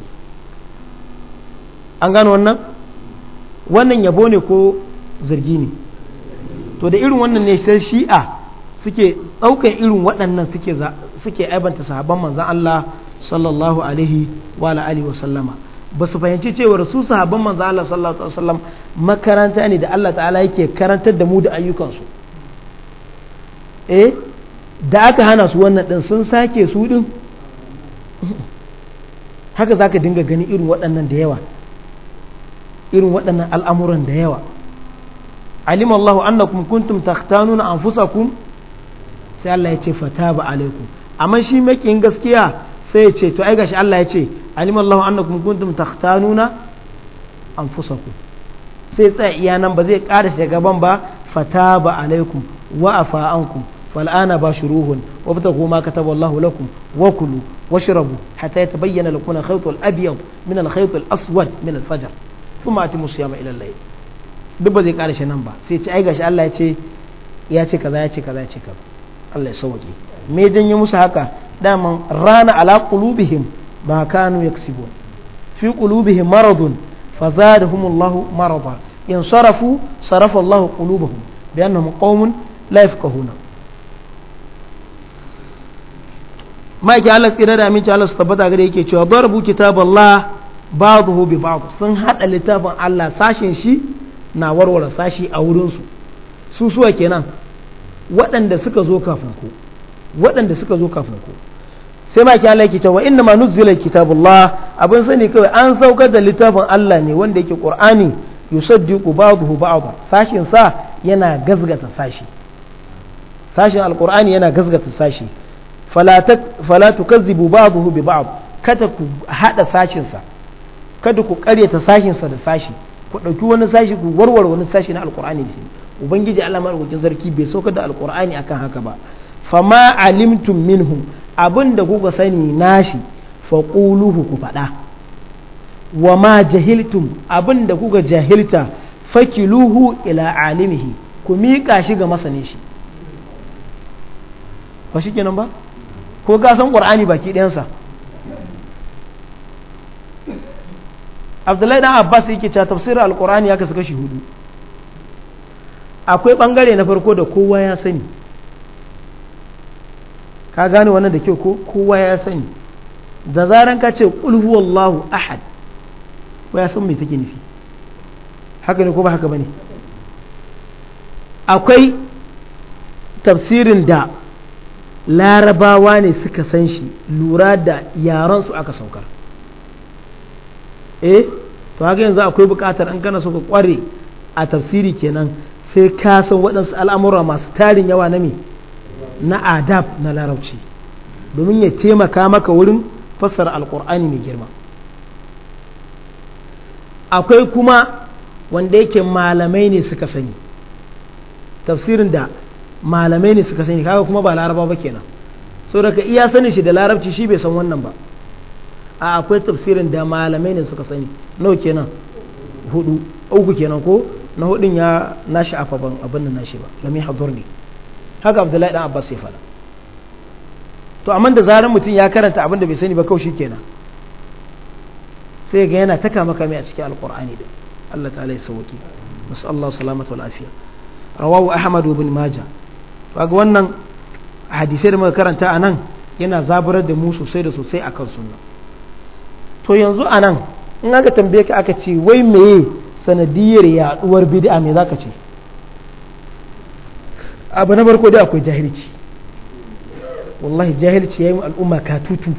[SPEAKER 1] an gano wannan wannan yabo ne ko zargi ne to da irin wannan ne sai shi'a suke ɗaukan irin waɗannan suke aibanta sahabban manzan Allah sallallahu alaihi wa alihi wa sallama ba su fahimci cewar su sahabban manzan Allah sallallahu alaihi wa sallam makaranta ne da Allah ta'ala yake karantar da mu da ayyukansu eh da aka hana su wannan ɗin sun sake su ɗin haka za ka dinga gani irin waɗannan da yawa irin waɗannan al'amuran da yawa alim Allah annakum kuntum takhtanuna kun sai Allah ya ce ba alaikun amma shi makin gaskiya sai ya ce to ai gashi Allah ya ce alim Allah annakum kuntum takhtanuna kun sai tsaye iya nan ba zai ƙara shagaban ba ba alaikun wa afa ankum فالآن باشروهن وابتغوا ما كتب الله لكم وكلوا واشربوا حتى يتبين لكم الخيط الأبيض من الخيط الأسود من الفجر ثم أتموا الصيام إلى الليل duk ba zai ƙara shi nan ba sai ce ai gashi Allah ya ce ya ce kaza ya ce kaza ya ce kaza Allah ya sauke me janyo musu haka daman rana ala qulubihim ba kanu yaksibun fi qulubihim maradun fa zadahumullahu marada in sarafu sarafa Allah qulubuhum bi annahum qaumun la yafqahuna maki Allah tsira da aminci Allah su tabbata gare yake cewa darabu kitaballah ba'dhu bi ba'd sun hada littafin Allah sashin shi na warware sashi a wurin su su suwa kenan waɗanda suka zo kafin ku waɗanda suka zo kafin ku sai maki Allah yake cewa inna ma nuzila kitabullah abin sani kawai an saukar da littafin Allah ne wanda yake Qur'ani yusaddiqu ba'dhu ba'd sashin sa yana gazgata sashi sashin alqur'ani yana gazgata sashi Falatu ba zuhu bi ba'd kada ku haɗa sashinsa kada ku ƙaryata sashinsa da sashi ku ɗauki wani sashi ku warware wani sashi na Alƙur'ani da shi ubangiji Allah madaukakin sarki bai saukar da Alƙur'ani akan haka ba fama alimtum abin da kuka sani nashi ƙuluhu ku faɗa wa ma jahiltum da kuka jahilta fakiluhu ila alimihi ku miƙa shi ga masanin shi ba kenan ba ko ka san qur'ani baki ɗayansa abdullahi ɗan abbas yake cewa tafsirin alƙwar'ani ya kasu kashi hudu akwai bangare na farko da kowa ya sani ka gane wannan da kyau ko kowa ya sani da zaran ka ce qul wallahu ahad ko ya san me take nufi haka ne ko ba haka ba ne akwai tafsirin da larabawa ne suka san shi lura da yaransu aka saukar eh to haka yanzu akwai bukatar an kana suka kware a tafsiri kenan sai ka san waɗansu al'amura masu tarin yawa na me na adab na larabci domin ya taimaka maka wurin fassara alkur'ani mai girma akwai kuma wanda yake malamai ne suka sani tafsirin da malamai ne suka sani kaga kuma ba laraba ba kenan so daga iya sani shi da larabci shi bai san wannan ba a akwai tafsirin da malamai ne suka sani nawa kenan hudu uku kenan ko na hudun ya nashi afa ban abin nan nashi ba lami hadurni haka abdullahi dan abbas sai fada to amma da zarar mutum ya karanta abin da bai sani ba kawai shikenan sai ga yana ta kama kame a cikin alqur'ani da Allah ta'ala ya sauki masallallahu salamatu wal afiya rawahu ahmad ibn majah kaga wannan hadisai da muka karanta a nan yana zaburar da mu sosai da sosai a kan suna to yanzu a nan in aka tambaye ka aka ce wai meye sanadiyar yaduwar bid'a me zaka ce abu na farko dai akwai jahilci wallahi jahilci yayi al'umma ka tutu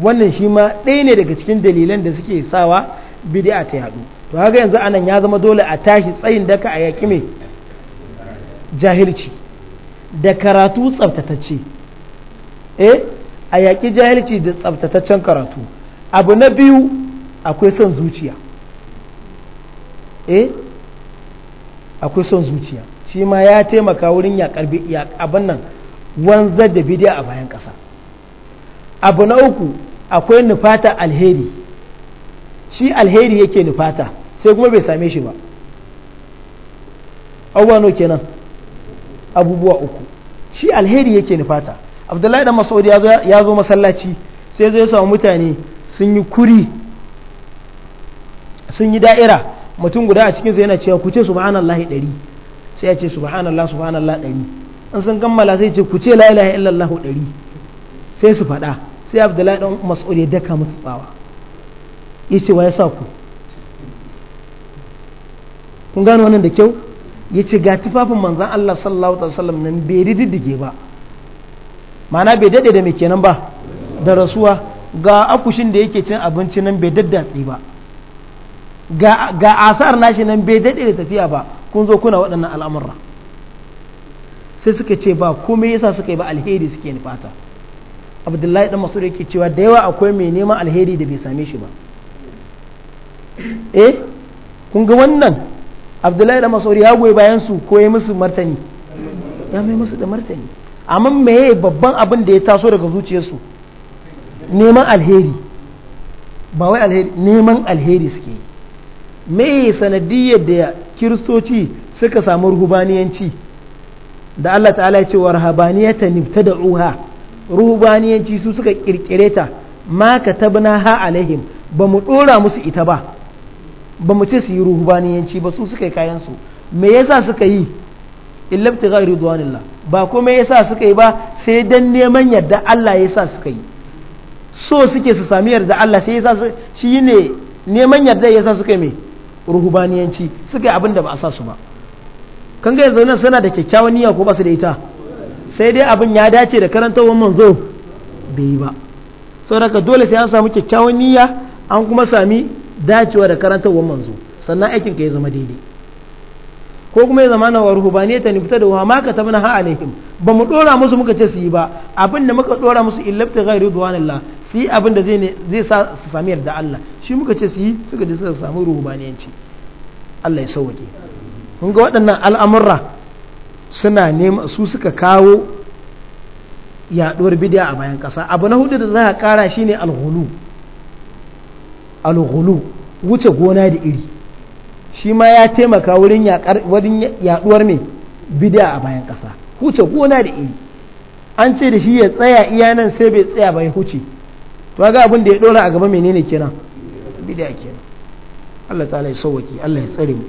[SPEAKER 1] wannan shi ma ɗaya ne daga cikin dalilan da suke sawa bidi'a ta yadu to haka yanzu anan ya zama dole a tashi tsayin daka a yaki mai jahilci da karatu tsabtatacce eh a yaƙi jahilci da tsabtataccen karatu abu na biyu akwai son zuciya eh akwai son zuciya shi ma ya taimaka wurin yaƙar abin nan wanzar da bidiya a bayan ƙasa abu na uku akwai nufata alheri shi alheri yake nufata sai kuma bai same shi ba awwano kenan abubuwa uku shi alheri yake nufata abdullahi dan masaudi ya zo masallaci sai zai samu mutane sun yi kuri sun yi da'ira mutum guda a cikinsu yana cewa ku ce subhanallahi ɗari sai ya ce subhanallah subhanallah ɗari in sun kammala sai ce ku ce la ilaha illallah ɗari sai su faɗa sai abdullahi dan masaudi ya daka musu tsawa ya ce wa ya sa ku kun gano wannan da kyau ya ce ga tufafin manzan Allah sallallahu alaihi wasallam nan bai rididdige ba mana bai dade da mai kenan ba da rasuwa ga akushin da yake cin abinci nan bai daddatsi ba ga asar nashi nan bai dade da tafiya ba kun zo kuna waɗannan al'amurra sai suka ce ba komai yasa suka yi ba alheri suke nufata abdullahi dan masu yake cewa da yawa akwai mai neman alheri da bai same shi ba eh kun ga wannan abdullahi da masauri ya goyi bayan su ko ya musu martani ya mai musu da martani amma meye babban abin da ya taso daga zuciyarsu neman alheri ba wai alheri neman alheri suke meye sanadiyar da kiristoci suka samu ruhubaniyanci da Allah ta'ala ya ce wa rahabaniyata nifta da ruha ruhubaniyanci su suka kirkireta ma ka tabna ha alaihim ba mu dora musu ita ba ba mu ce su yi ruhubaniyanci ba su suka yi kayansu me yasa suka yi illabti ga ridwanillah ba kuma yasa suka yi ba sai dan neman yadda Allah ya sa suka yi so suke su sami yarda Allah sai yasa shi ne neman yadda yasa suka yi me ruhubaniyanci suka yi abin da ba a sa su ba kan ga yanzu nan suna da kyakkyawan niyya ko ba su da ita sai dai abin ya dace da karantawar manzo bai yi ba saboda dole sai an samu kyakkyawan niyya an kuma sami dacewa da karantarwar manzo sannan aikin ka ya zama daidai ko kuma ya zama na wa ne ni fita da wa ma katabna ha alaihim ba mu ɗora musu muka ce su yi ba abin da muka dora musu illabta ghairu duwanillah su yi abin da zai zai sa su sami yarda Allah shi muka ce su yi suka je suka samu ruhubaniyanci Allah ya sauke kun ga waɗannan al'amurra suna nema su suka kawo yaɗuwar bidiya a bayan ƙasa abu na hudu da za a ƙara shine alhulu alghulu wuce gona da iri shi ma ya taimaka wurin yaduwar me bida a bayan ƙasa wuce gona da iri an ce da shi ya tsaya iya nan sai bai tsaya bai huce to ga abin da ya dora a gaba menene kenan bida kenan Allah ta'ala ya sauwaki Allah ya tsare mu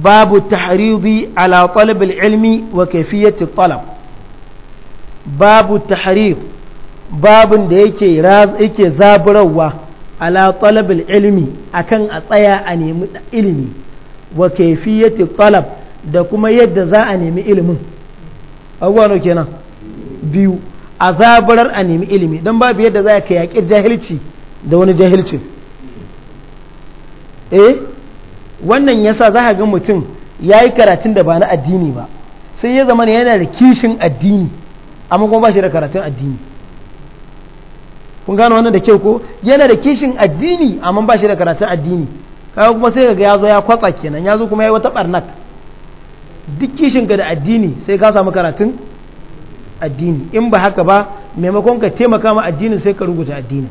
[SPEAKER 1] babu tahridi ala talab ilmi wa kayfiyati talab babu babin da yake yake zaburarwa ala talabil ilmi akan a tsaya a nemi ilimi wa kaifiyati talab da kuma yadda za a nemi ilimin abubuwa no kenan biyu a zaburar a nemi ilimi don babu yadda za ka yaƙi jahilci da wani jahilcin eh wannan yasa za ka ga mutum ya yi karatun da ba na addini ba sai ya zama yana da kishin addini amma kuma ba shi da karatun addini kun gano wannan da kyau ko yana da kishin addini amma ba shi da karatun addini kaga kuma sai ga yazo ya kwatsa kenan yazo kuma ya yi wata barnak duk kishin ga da addini sai ka samu karatun addini in ba haka ba maimakon ka taimaka ma addini sai ka rubuta addini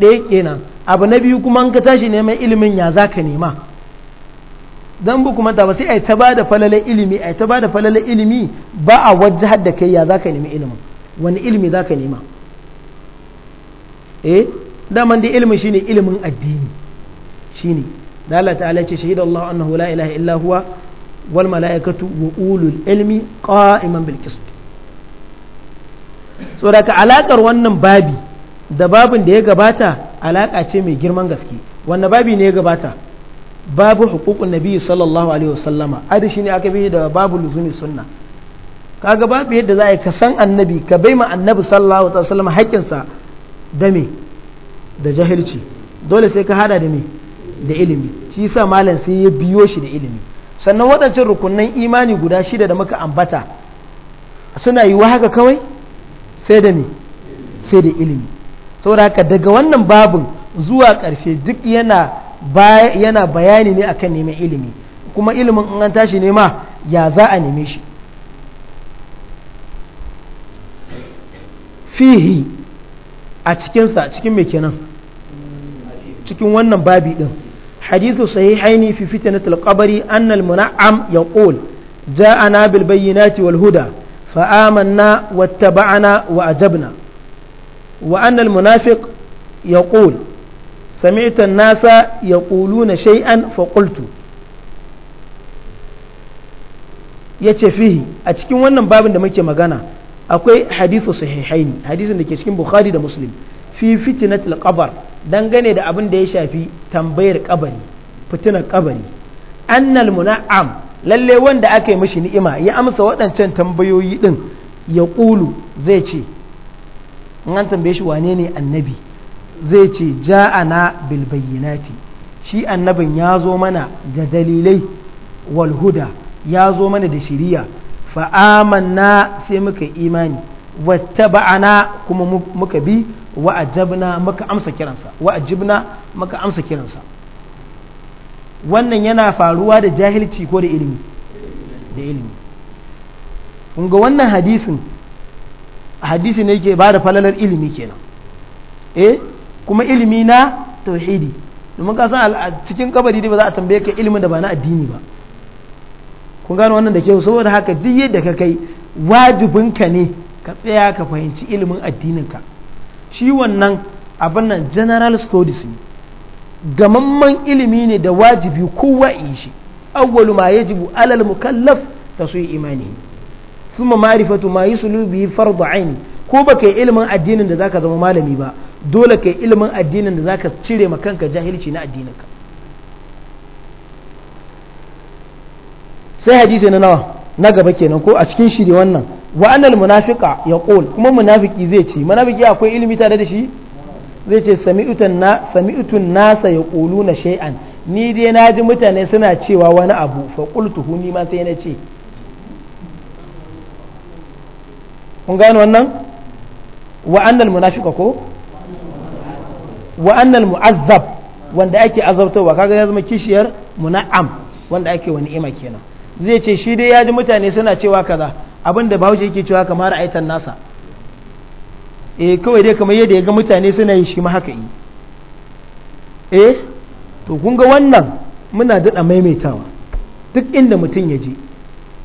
[SPEAKER 1] ɗaya kenan abu na biyu kuma an ka tashi neman ilimin ya za ka nema dan ba kuma ba sai ai ta ba da falalar ilimi ai ta ba da falalar ilimi ba a wajen da kai ya za ka nemi ilimin wani ilimi za ka nema eh daman da ilimin shine ilimin addini shine da Allah ta'ala ce shahida Allah annahu la ilaha illa huwa wal mala'ikatu wa ulul ilmi qa'iman bil qist so daga alakar wannan babi da babin da ya gabata alaka ce mai girman gaske wannan babi ne ya gabata babu hukukun nabi sallallahu alaihi wasallama adi shine aka bi da babu luzumi sunna kaga babu yadda za a yi ka san annabi ka bai ma annabi sallallahu alaihi wasallama haƙƙinsa da me da jahilci dole sai ka hada da me da ilimi shi sa malam sai ya biyo shi da ilimi sannan waɗancan rukunan imani guda shida da muka ambata suna yi wa haka kawai sai da me sai da ilimi saboda haka daga wannan babin zuwa ƙarshe duk yana yana bayani ne akan neman ilimi kuma ilimin in an tashi nema ya za a neme shi fihi a cikinsa cikin mai kenan cikin wannan babi din hadithu sahihaini fi fitnatul qabri anna al mun'am yaqul ja'ana bil bayyinati walhuda huda fa amanna wattaba'na wa ajabna wa anna al munafiq yaqul سمعت الناس يقولون shai'an faƙultu yace fihi a cikin wannan babin da muke magana akwai hadithu sahihaini hadisin da ke cikin bukhari da muslim fi fitnatul qabr dangane da abin da ya shafi tambayar kabari fitinar kabari annal muna'am lalle wanda aka yi mishi ni'ima ya amsa waɗancan tambayoyi din ya ƙulu zai ce in an tambaye shi wane ne annabi zai ce ja'ana bil bayyinati shi annabin ya zo mana da dalilai wal huda ya zo mana da shiriya fa'amanna sai muka imani wattaba'ana kuma muka bi wa'ajabna muka amsa kiransa wa'ajibna muka amsa kiransa wannan yana faruwa da jahilci ko da ilimi da ilimi kun ga wannan hadisin hadisi ne yake bada falalar ilimi kenan eh kuma ilimi na tauhidi domin ka san cikin kabari ba za a tambaye ka ilimin da ba na addini ba kun gano wannan da kyau saboda haka duk yadda ka kai wajibin ka ne ka tsaya ka fahimci ilimin addininka shi wannan abin nan general studies ne gamamman ilimi ne da wajibi kowa yi shi awwalu ma yajibu alal mukallaf tasu imani thumma ma'rifatu ma yusulu bi fardu aini ko baka yi ilimin addinin da zaka zama malami ba dole kai ilimin addinin da zaka cire ma kanka jahilci na addininka sai hadisi na nawa na gaba kenan ko a cikin shi wannan wa annal munafiqa yaqul kuma munafiki zai ce munafiki akwai ilimi tare da shi zai ce sami'utun na sami'utun nasa yaquluna shay'an ni dai na ji mutane suna cewa wani abu fa hu ni ma sai na ce kun gano wannan wa annal munafiqa ko wa annal mu'azzab wanda ake azabtawa kaga ya zama kishiyar muna'am wanda ake wani ima kenan zai ce shi dai ya ji mutane suna cewa kaza abin da bahaushe yake cewa kamar ra'aitan nasa eh kawai dai kamar yadda ya ga mutane suna yi shi ma haka yi eh to kun ga wannan muna daɗa maimaitawa duk inda mutum ya ji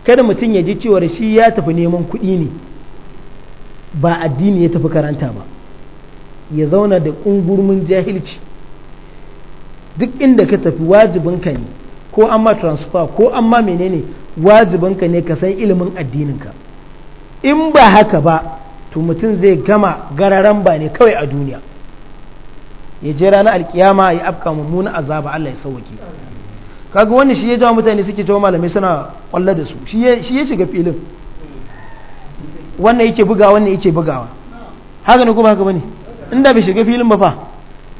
[SPEAKER 1] kada mutum ya ji cewar shi ya tafi neman kuɗi ne ba addini ya tafi karanta ba ya zauna da ƙungurmin jahilci duk inda ka tafi wajibin ka ne ko an ma transfer ko an ma menene wajibinka ne ka san ilimin addininka in ba haka ba to mutum zai gama gararan ba ne kawai a duniya ya je ranar alkiyama ya afka mummuna azaba Allah ya sauke kaga wani shi ya jawo mutane suke jawo malamai suna kwallo da su shi ya shiga filin wannan yake bugawa wannan yake bugawa haka ne ko ba haka bane inda bai shiga filin ba fa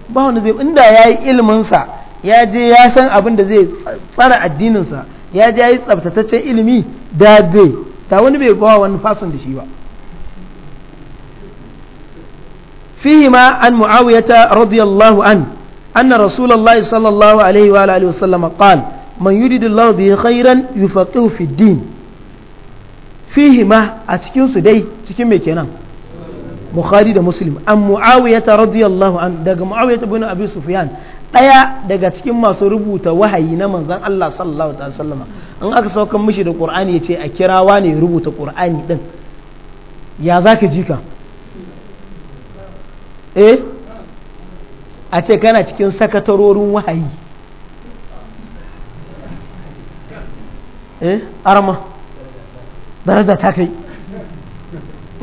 [SPEAKER 1] ba wani zai inda yayi ilmin sa ya je ya san abin da zai tsara addininsa ya je ya yi tsabtataccen ilimi da bai ta wani bai bawa wani fasin da shi ba fihi ma an mu'awiyata radiyallahu an anna rasulullahi sallallahu alaihi wa alihi wa sallam qal man yuridu Allah bihi khairan yufaqihu fi din fihi ma a cikin su dai cikin me kenan bukhari da muslim an mu'awiyata radiyallahu an daga mu'awiyata bin abi sufyan ɗaya daga cikin masu rubuta wahayi na manzan Allah sallallahu alaihi wasallam in aka saukan mishi da Qur'ani ya ce a kirawa ne rubuta Qur'ani din ya za ji ka eh a ce kana cikin sakatarorin wahayi eh arma daraja ta kai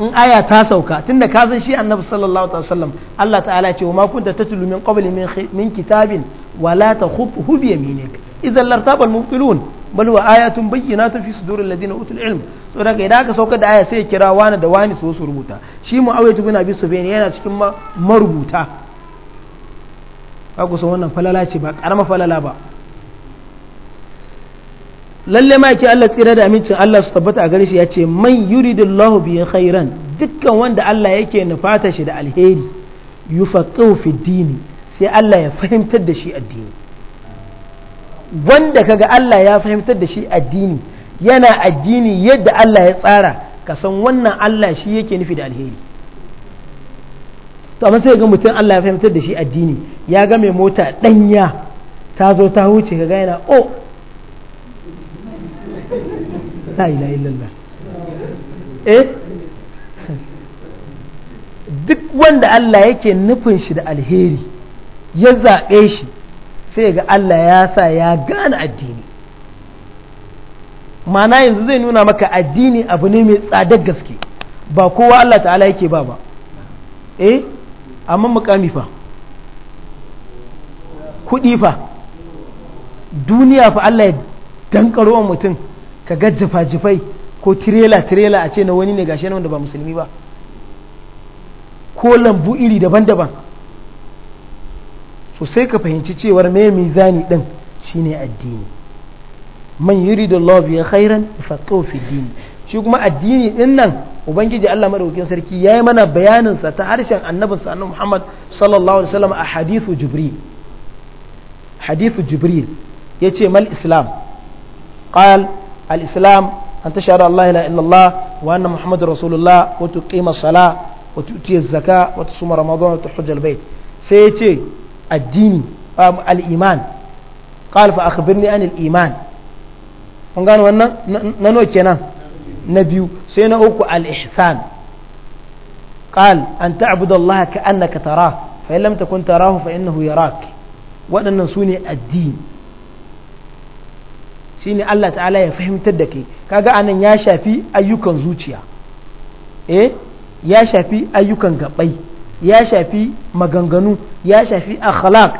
[SPEAKER 1] in aya ta sauka tunda ka san shi annabi sallallahu alaihi wasallam Allah ta'ala ya ce wa ma kunta tatlu min qabli min kitabin wa la takhutuhu bi yaminik idan lartaba al-mubtilun bal wa ayatun bayyinatun fi suduril ladina utul ilm so daga idan aka sauka da aya sai kira wani da wani su su rubuta shi muawiya ibn su sufyan yana cikin marubuta ka kusa wannan falala ce ba karama falala ba lalle ma yake Allah tsira da amincin Allah su tabbata a gare shi ya ce man yuridullahu bi khairan dukkan wanda Allah yake nufata shi da alheri yufaqihu fi dini sai Allah ya fahimtar da shi addini wanda kaga Allah ya fahimtar da shi addini yana addini yadda Allah ya tsara ka san wannan Allah shi yake nufi da alheri to amma sai ga mutum Allah ya fahimtar da shi addini ya ga mai mota danya ta zo ta huce kaga yana oh la ilaha illallah eh duk wanda Allah yake nufin shi da alheri ya zaɓe shi sai ga Allah ya sa ya gane addini mana yanzu zai nuna maka addini abu ne mai tsadar gaske ba kowa Allah ta'ala yake ba ba eh amma mukami fa kuɗi fa duniya fa Allah ya dankaro mutum ka ga jifa-jifai ko tirela-tirela a ce na wani ne gashi wanda ba musulmi ba ko lambu iri daban-daban so sai ka fahimci cewar me mizani din shine addini man da Allah ya khairan yafaqahu fi din shi kuma addini din nan ubangiji Allah madaukakin sarki yayi mana bayanin sa ta harshen annabi sallallahu Muhammad sallallahu alaihi wasallam a hadithu jibril hadithu jibril yace mal islam qal الإسلام أن تشهد الله لا إلا الله وأن محمد رسول الله وتقيم الصلاة وتؤتي الزكاة وتصوم رمضان وتحج البيت سيتي الدين الإيمان قال فأخبرني عن الإيمان kun gano wannan na nawa kenan na biyu sai na uku al-ihsan qal an ta'budu Allah ka annaka tarah fa in lam fa waɗannan sune addini ne Allah ta'ala ya fahimtar da kai kaga anan ya shafi ayyukan zuciya eh ya shafi ayyukan gabai ya shafi maganganu ya shafi akhlaq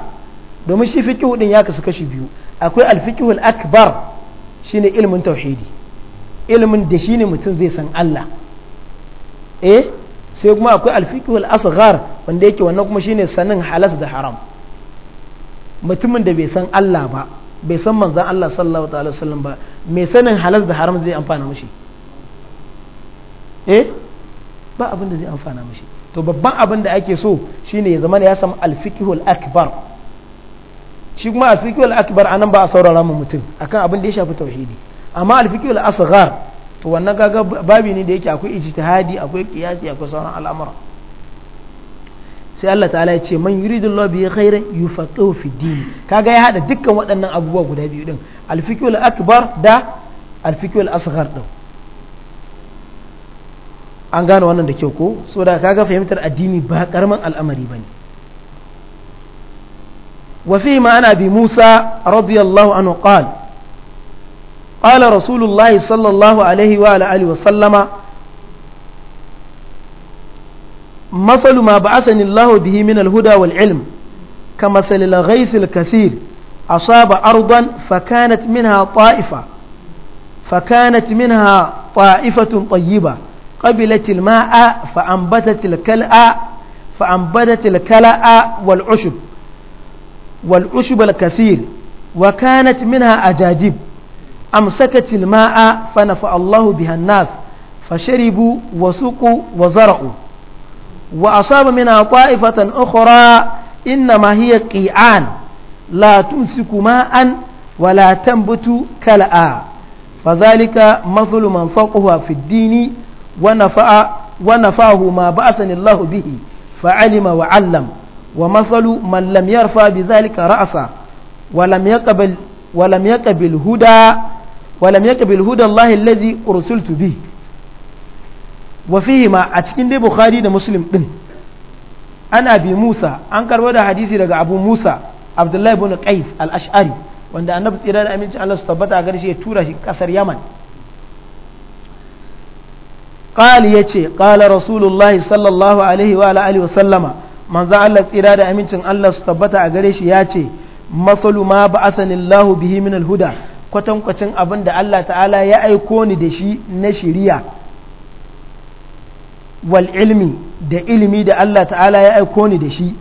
[SPEAKER 1] domin shi fiqhu din ya kasu kashi biyu akwai al-fiqhu al-akbar shine ilmin tauhidi ilmin da shine mutum zai san Allah eh sai kuma akwai al-fiqhu al-asghar wanda yake wannan kuma shine sanin halas da haram mutumin da bai san Allah ba bai san manzan Allah sallallahu ta'ala sallam ba mai sanin halas da haram zai amfana mashi eh ba abin da zai amfana mashi to babban abin da ake so shine ya zama ya samu alfikihul akbar shi kuma alfikihul akbar anan ba a saurara mu mutum akan abin da ya shafi tauhidi amma alfikihul asghar to wannan gaga babi ne da yake akwai ijtihadi akwai qiyasi akwai sauran al'amura sai Allah ta'ala ya ce man yuridullahu bihi khairan yufaqihu fi din kaga ya hada dukkan waɗannan abubuwa guda biyu din al-fiqhul akbar da al-fiqhul asghar din an gano wannan da kyau ko saboda kaga fahimtar addini ba karaman al'amari bane wa fi ma'ana bi Musa radiyallahu anhu qala qala rasulullahi sallallahu alaihi wa alihi wa sallama masalu ma ba'asani Allah bihi min al-huda wal ilm kama salil ghais al-kasir asaba ardan fakanat minha ta'ifa fakanat minha ta'ifatun tayyiba qabilat al-ma'a fa'ambatat al-kal'a fa'ambatat al minha ajadib أمسكت الماء فنفع الله بها الناس فشربوا وسقوا وزرعوا wa asab mina ta'ifatan ukhra inna ma hiya qi'an la tumsiku ma'an wa la tambutu kala'a fadhalika mathalu man faqahu fi ad-dini wa nafa'a wa nafahu ma ba'athani Allah bihi fa 'alima wa 'allam wa mathalu man lam yarfa bidhalika ra'sa wa lam wa lam yaqbil huda wa lam bihi wa ma a cikin dai bukhari da muslim din ana bi musa an karba da hadisi daga abu musa abdullahi ibn qais al-ash'ari wanda annabi tsira da aminci Allah su tabbata a garshe ya tura kasar yaman قال يتي قال رسول الله صلى الله عليه وعلى آله وسلم من ذا الله تسيرا دا أمينتن الله ستبتا أغريش ياتي مثل ما بعثني الله به من الهدى كتن كتن ya aiko ni da shi na shiriya. wal ilmi da ilimi da Allah ta'ala ya aiko ni da shi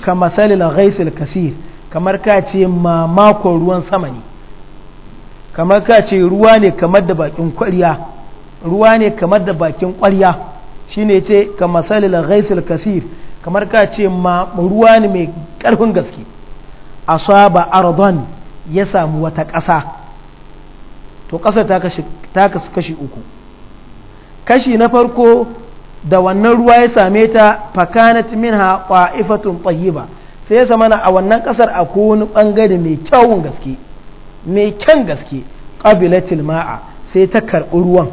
[SPEAKER 1] ka masalil ghaisil kasir kamar ka ce mamakon ruwan sama ne kamar ka ce ruwa ne kamar da bakin kwarya ruwa ne kamar da bakin kwarya shine ce ka masalil ghaisil kasir kamar ka ce ruwa ne mai ƙarfin gaske asaba ardon ya samu wata ƙasa to ƙasa ta kashi uku kashi na farko da wannan ruwa ya same ta fakanat minha qa'ifatun tayyiba sai ya samana a wannan kasar akwai wani bangare mai kyawun gaske mai kyan gaske qabilatil ma'a sai ta karɓi ruwan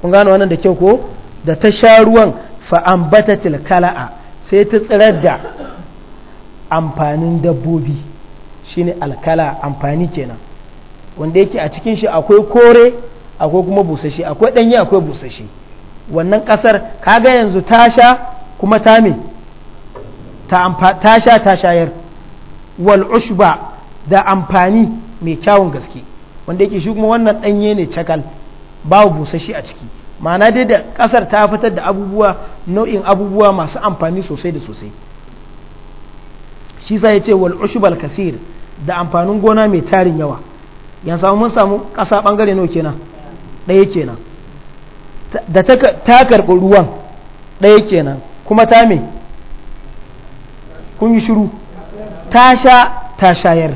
[SPEAKER 1] kun gano wannan da kyau ko da ta sha ruwan fa ambatatil kala'a sai ta tsirar da amfanin dabbobi shine alkala amfani kenan wanda yake a cikin shi akwai kore akwai kuma busashe akwai ɗanye akwai busashe. wannan ƙasar kaga yanzu ta sha kuma ta me ta ta shayar wal ushba da amfani mai kyawun gaske wanda yake shi kuma wannan ɗanye ne cakal babu busashi a ciki ma'ana dai da ƙasar ta fitar da abubuwa nau'in abubuwa masu amfani sosai da sosai shi sa ya ce wal ushbal kasir da amfanin gona mai tarin yawa yanzu mun samu ƙasa ɓangare nawa kenan ɗaya kenan da ta karɓi ruwan ɗaya kenan kuma ta me kun yi shiru ta sha ta shayar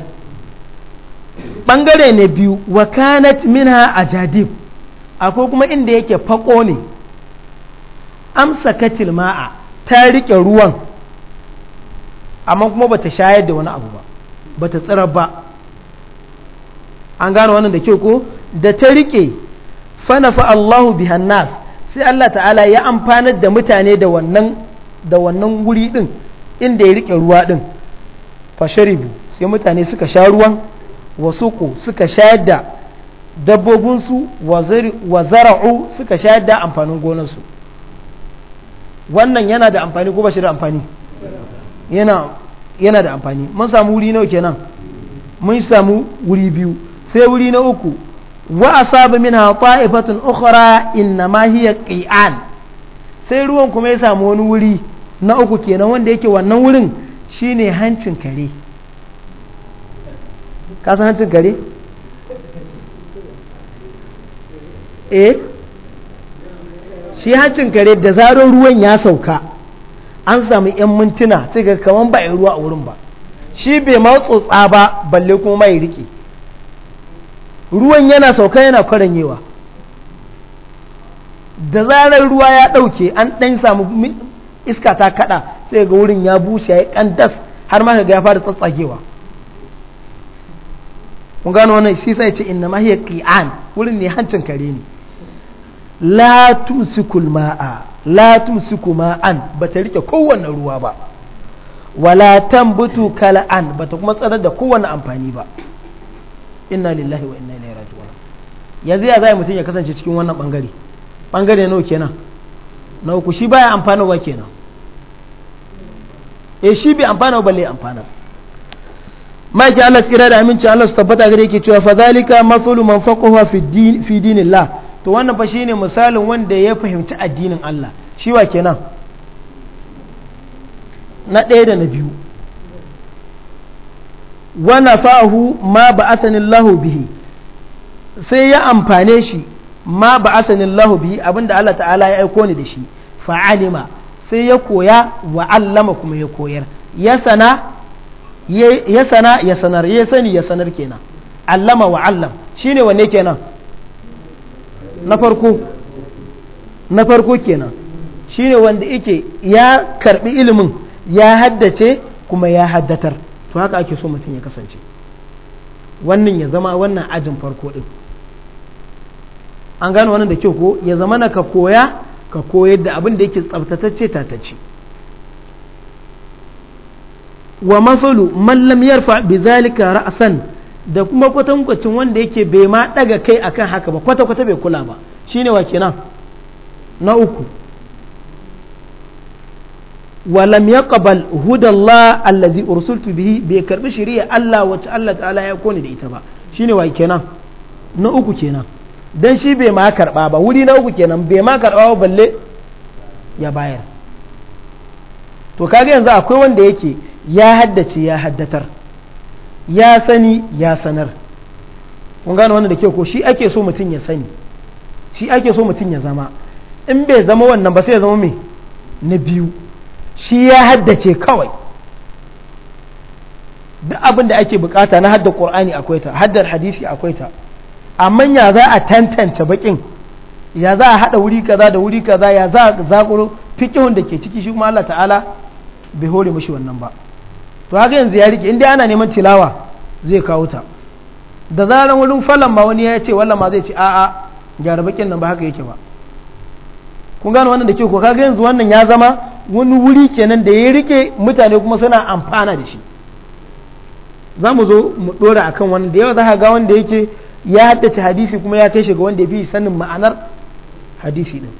[SPEAKER 1] ɓangare ne biyu wakanat minha a jadib akwai kuma inda yake fako ne amsa katil ma'a ta riƙe ruwan amma kuma ba ta shayar da wani abu ba ta tsirar ba an gano wannan da kyau ko da ta riƙe fanafa Allahu bihan nas sai Allah ta'ala ya amfanar da mutane da wannan da wannan wuri din inda ya rike ruwa din fasharibu sai mutane suka sha ruwan wasuku suka sha da dabbobinsu wa zara'u suka sha da amfanin gonarsu wannan yana da amfani ko ba shi da amfani yana yana da amfani mun samu wuri nawa kenan mun samu wuri biyu sai wuri na uku wa min minha ta'ifatun ukhra inna ma hiya qi'an sai ruwan kuma ya samu wani wuri na uku kenan wanda yake wannan wurin shine hancin kare ka san hancin kare eh shi hancin kare da zarar ruwan ya sauka an samu 'yan mintuna sai ga kaman ba ruwa a wurin ba shi bai ma tsotsa ba balle kuma mai rike ruwan yana sauka yana kwaranyewa da zarar ruwa ya ɗauke an ɗan samu iska ta kaɗa sai ga wurin ya bushe ya yi ƙandas har ma ga ya fara tsatsagewa kun gano wannan shi sai ce inna mahiya qi'an wurin ne hancin kare ne la tumsikul ma'a la tumsiku ma'an bata rike kowanne ruwa ba wala tambutu kala'an bata kuma tsarar da kowanne amfani ba inna lillahi wa inna ilaihi raji'un yanzu ya zai mutum ya kasance cikin wannan bangare bangare nawa kenan na uku shi baya amfana wa kenan eh shi bai amfana ba balle amfana ma ki Allah tsira da aminci Allah su tabbata gare yake cewa fadhalika mathalu man faqaha fi din fi dinillah to wannan fa shine misalin wanda ya fahimci addinin Allah shi wa kenan na ɗaya da na biyu wa nafahu ma ba'athani Allah bihi sai ya amfane shi ma ba'athani Allah bihi abinda Allah ta'ala ya aiko ni da shi fa'alima sai ya koya wa allama kuma ya koyar ya sana ya sana ya sanar ya sani ya sanar kenan allama wa allam shine wanne kenan na farko na farko kenan shine wanda yake ya karbi ilimin ya haddace kuma ya haddatar to haka ake so mutum ya kasance wannan ya zama wannan ajin farko din an gano wannan da kyau ko ya zama na ka koya ka koyar da abin da yake tsabtatacce tatacce wa masalu mallam yarfa bi zalika ra'san da kuma kwatankwacin wanda yake bai ma daga kai akan haka ba kwata kwata bai kula ba shine wa kenan na uku ولم يقبل هدى الله الذي أرسلت به بكرب شريعة الله وتعالى تعالى يكون دي تبا شيني واي كينا na uku kenan dan shi bai ma karba ba wuri na uku kenan bai ma karba ba balle ya bayar to kaga yanzu akwai wanda yake ya haddace ya haddatar ya sani ya sanar kun gane wannan da ko shi ake so mutum ya zama in bai zama wannan ba sai ya zama me na biyu shi ya haddace kawai duk abin da ake bukata na haddar ƙorani akwai ta haddar hadisi akwai ta amma ya za a tantance bakin ya za a haɗa wuri kaza da wuri kaza ya za a zakuro fikihun da ke ciki shi kuma Allah ta'ala bai hore mashi wannan ba to haka yanzu ya rike inda ana neman tilawa zai kawo ta da zaran wurin falon ma wani ya ce wallan ma zai ce a'a gyara bakin nan ba haka yake ba kun gane wannan da ke ko kaga yanzu wannan ya zama wani wuri kenan da ya rike mutane kuma suna amfana da shi za mu zo mu dora akan wannan da yawa za ka ga wanda yake ya haddace hadisi kuma ya kai shiga wanda ya fi sanin ma'anar hadisi din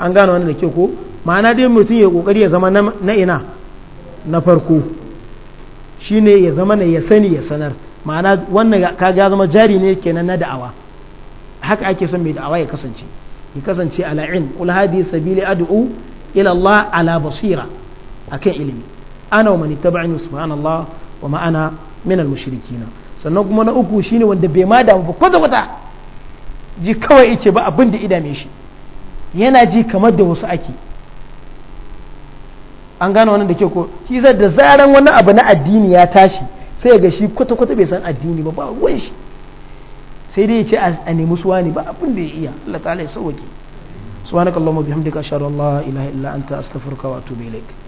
[SPEAKER 1] an gane wannan da ke ko ma'ana dai mutum ya kokari ya zama na ina na farko shine ya zama ne ya sani ya sanar ma'ana wannan kaga ya zama jari ne kenan na da'awa haka ake son mai da'awa ya kasance ya kasance ala ilm qul hadi sabili adu'u ila Allah ala basira akan ilimi ana wa man ittaba'ani subhanallah wa ma ana min al na. sannan kuma na uku shine wanda bai ma damu ba kwata kwata ji kawai yace ba abin da idame shi yana ji kamar da wasu ake an gane wannan da ke ko shi da zaran wani abu na addini ya tashi sai ga shi kwata kwata bai san addini ba ba ruwan shi sai dai ya ce a nemi suwa ba abin da ya iya Allah ta'ala ya sauwake subhanakallahumma bihamdika ashhadu an la ilaha illa anta astaghfiruka wa atubu ilaik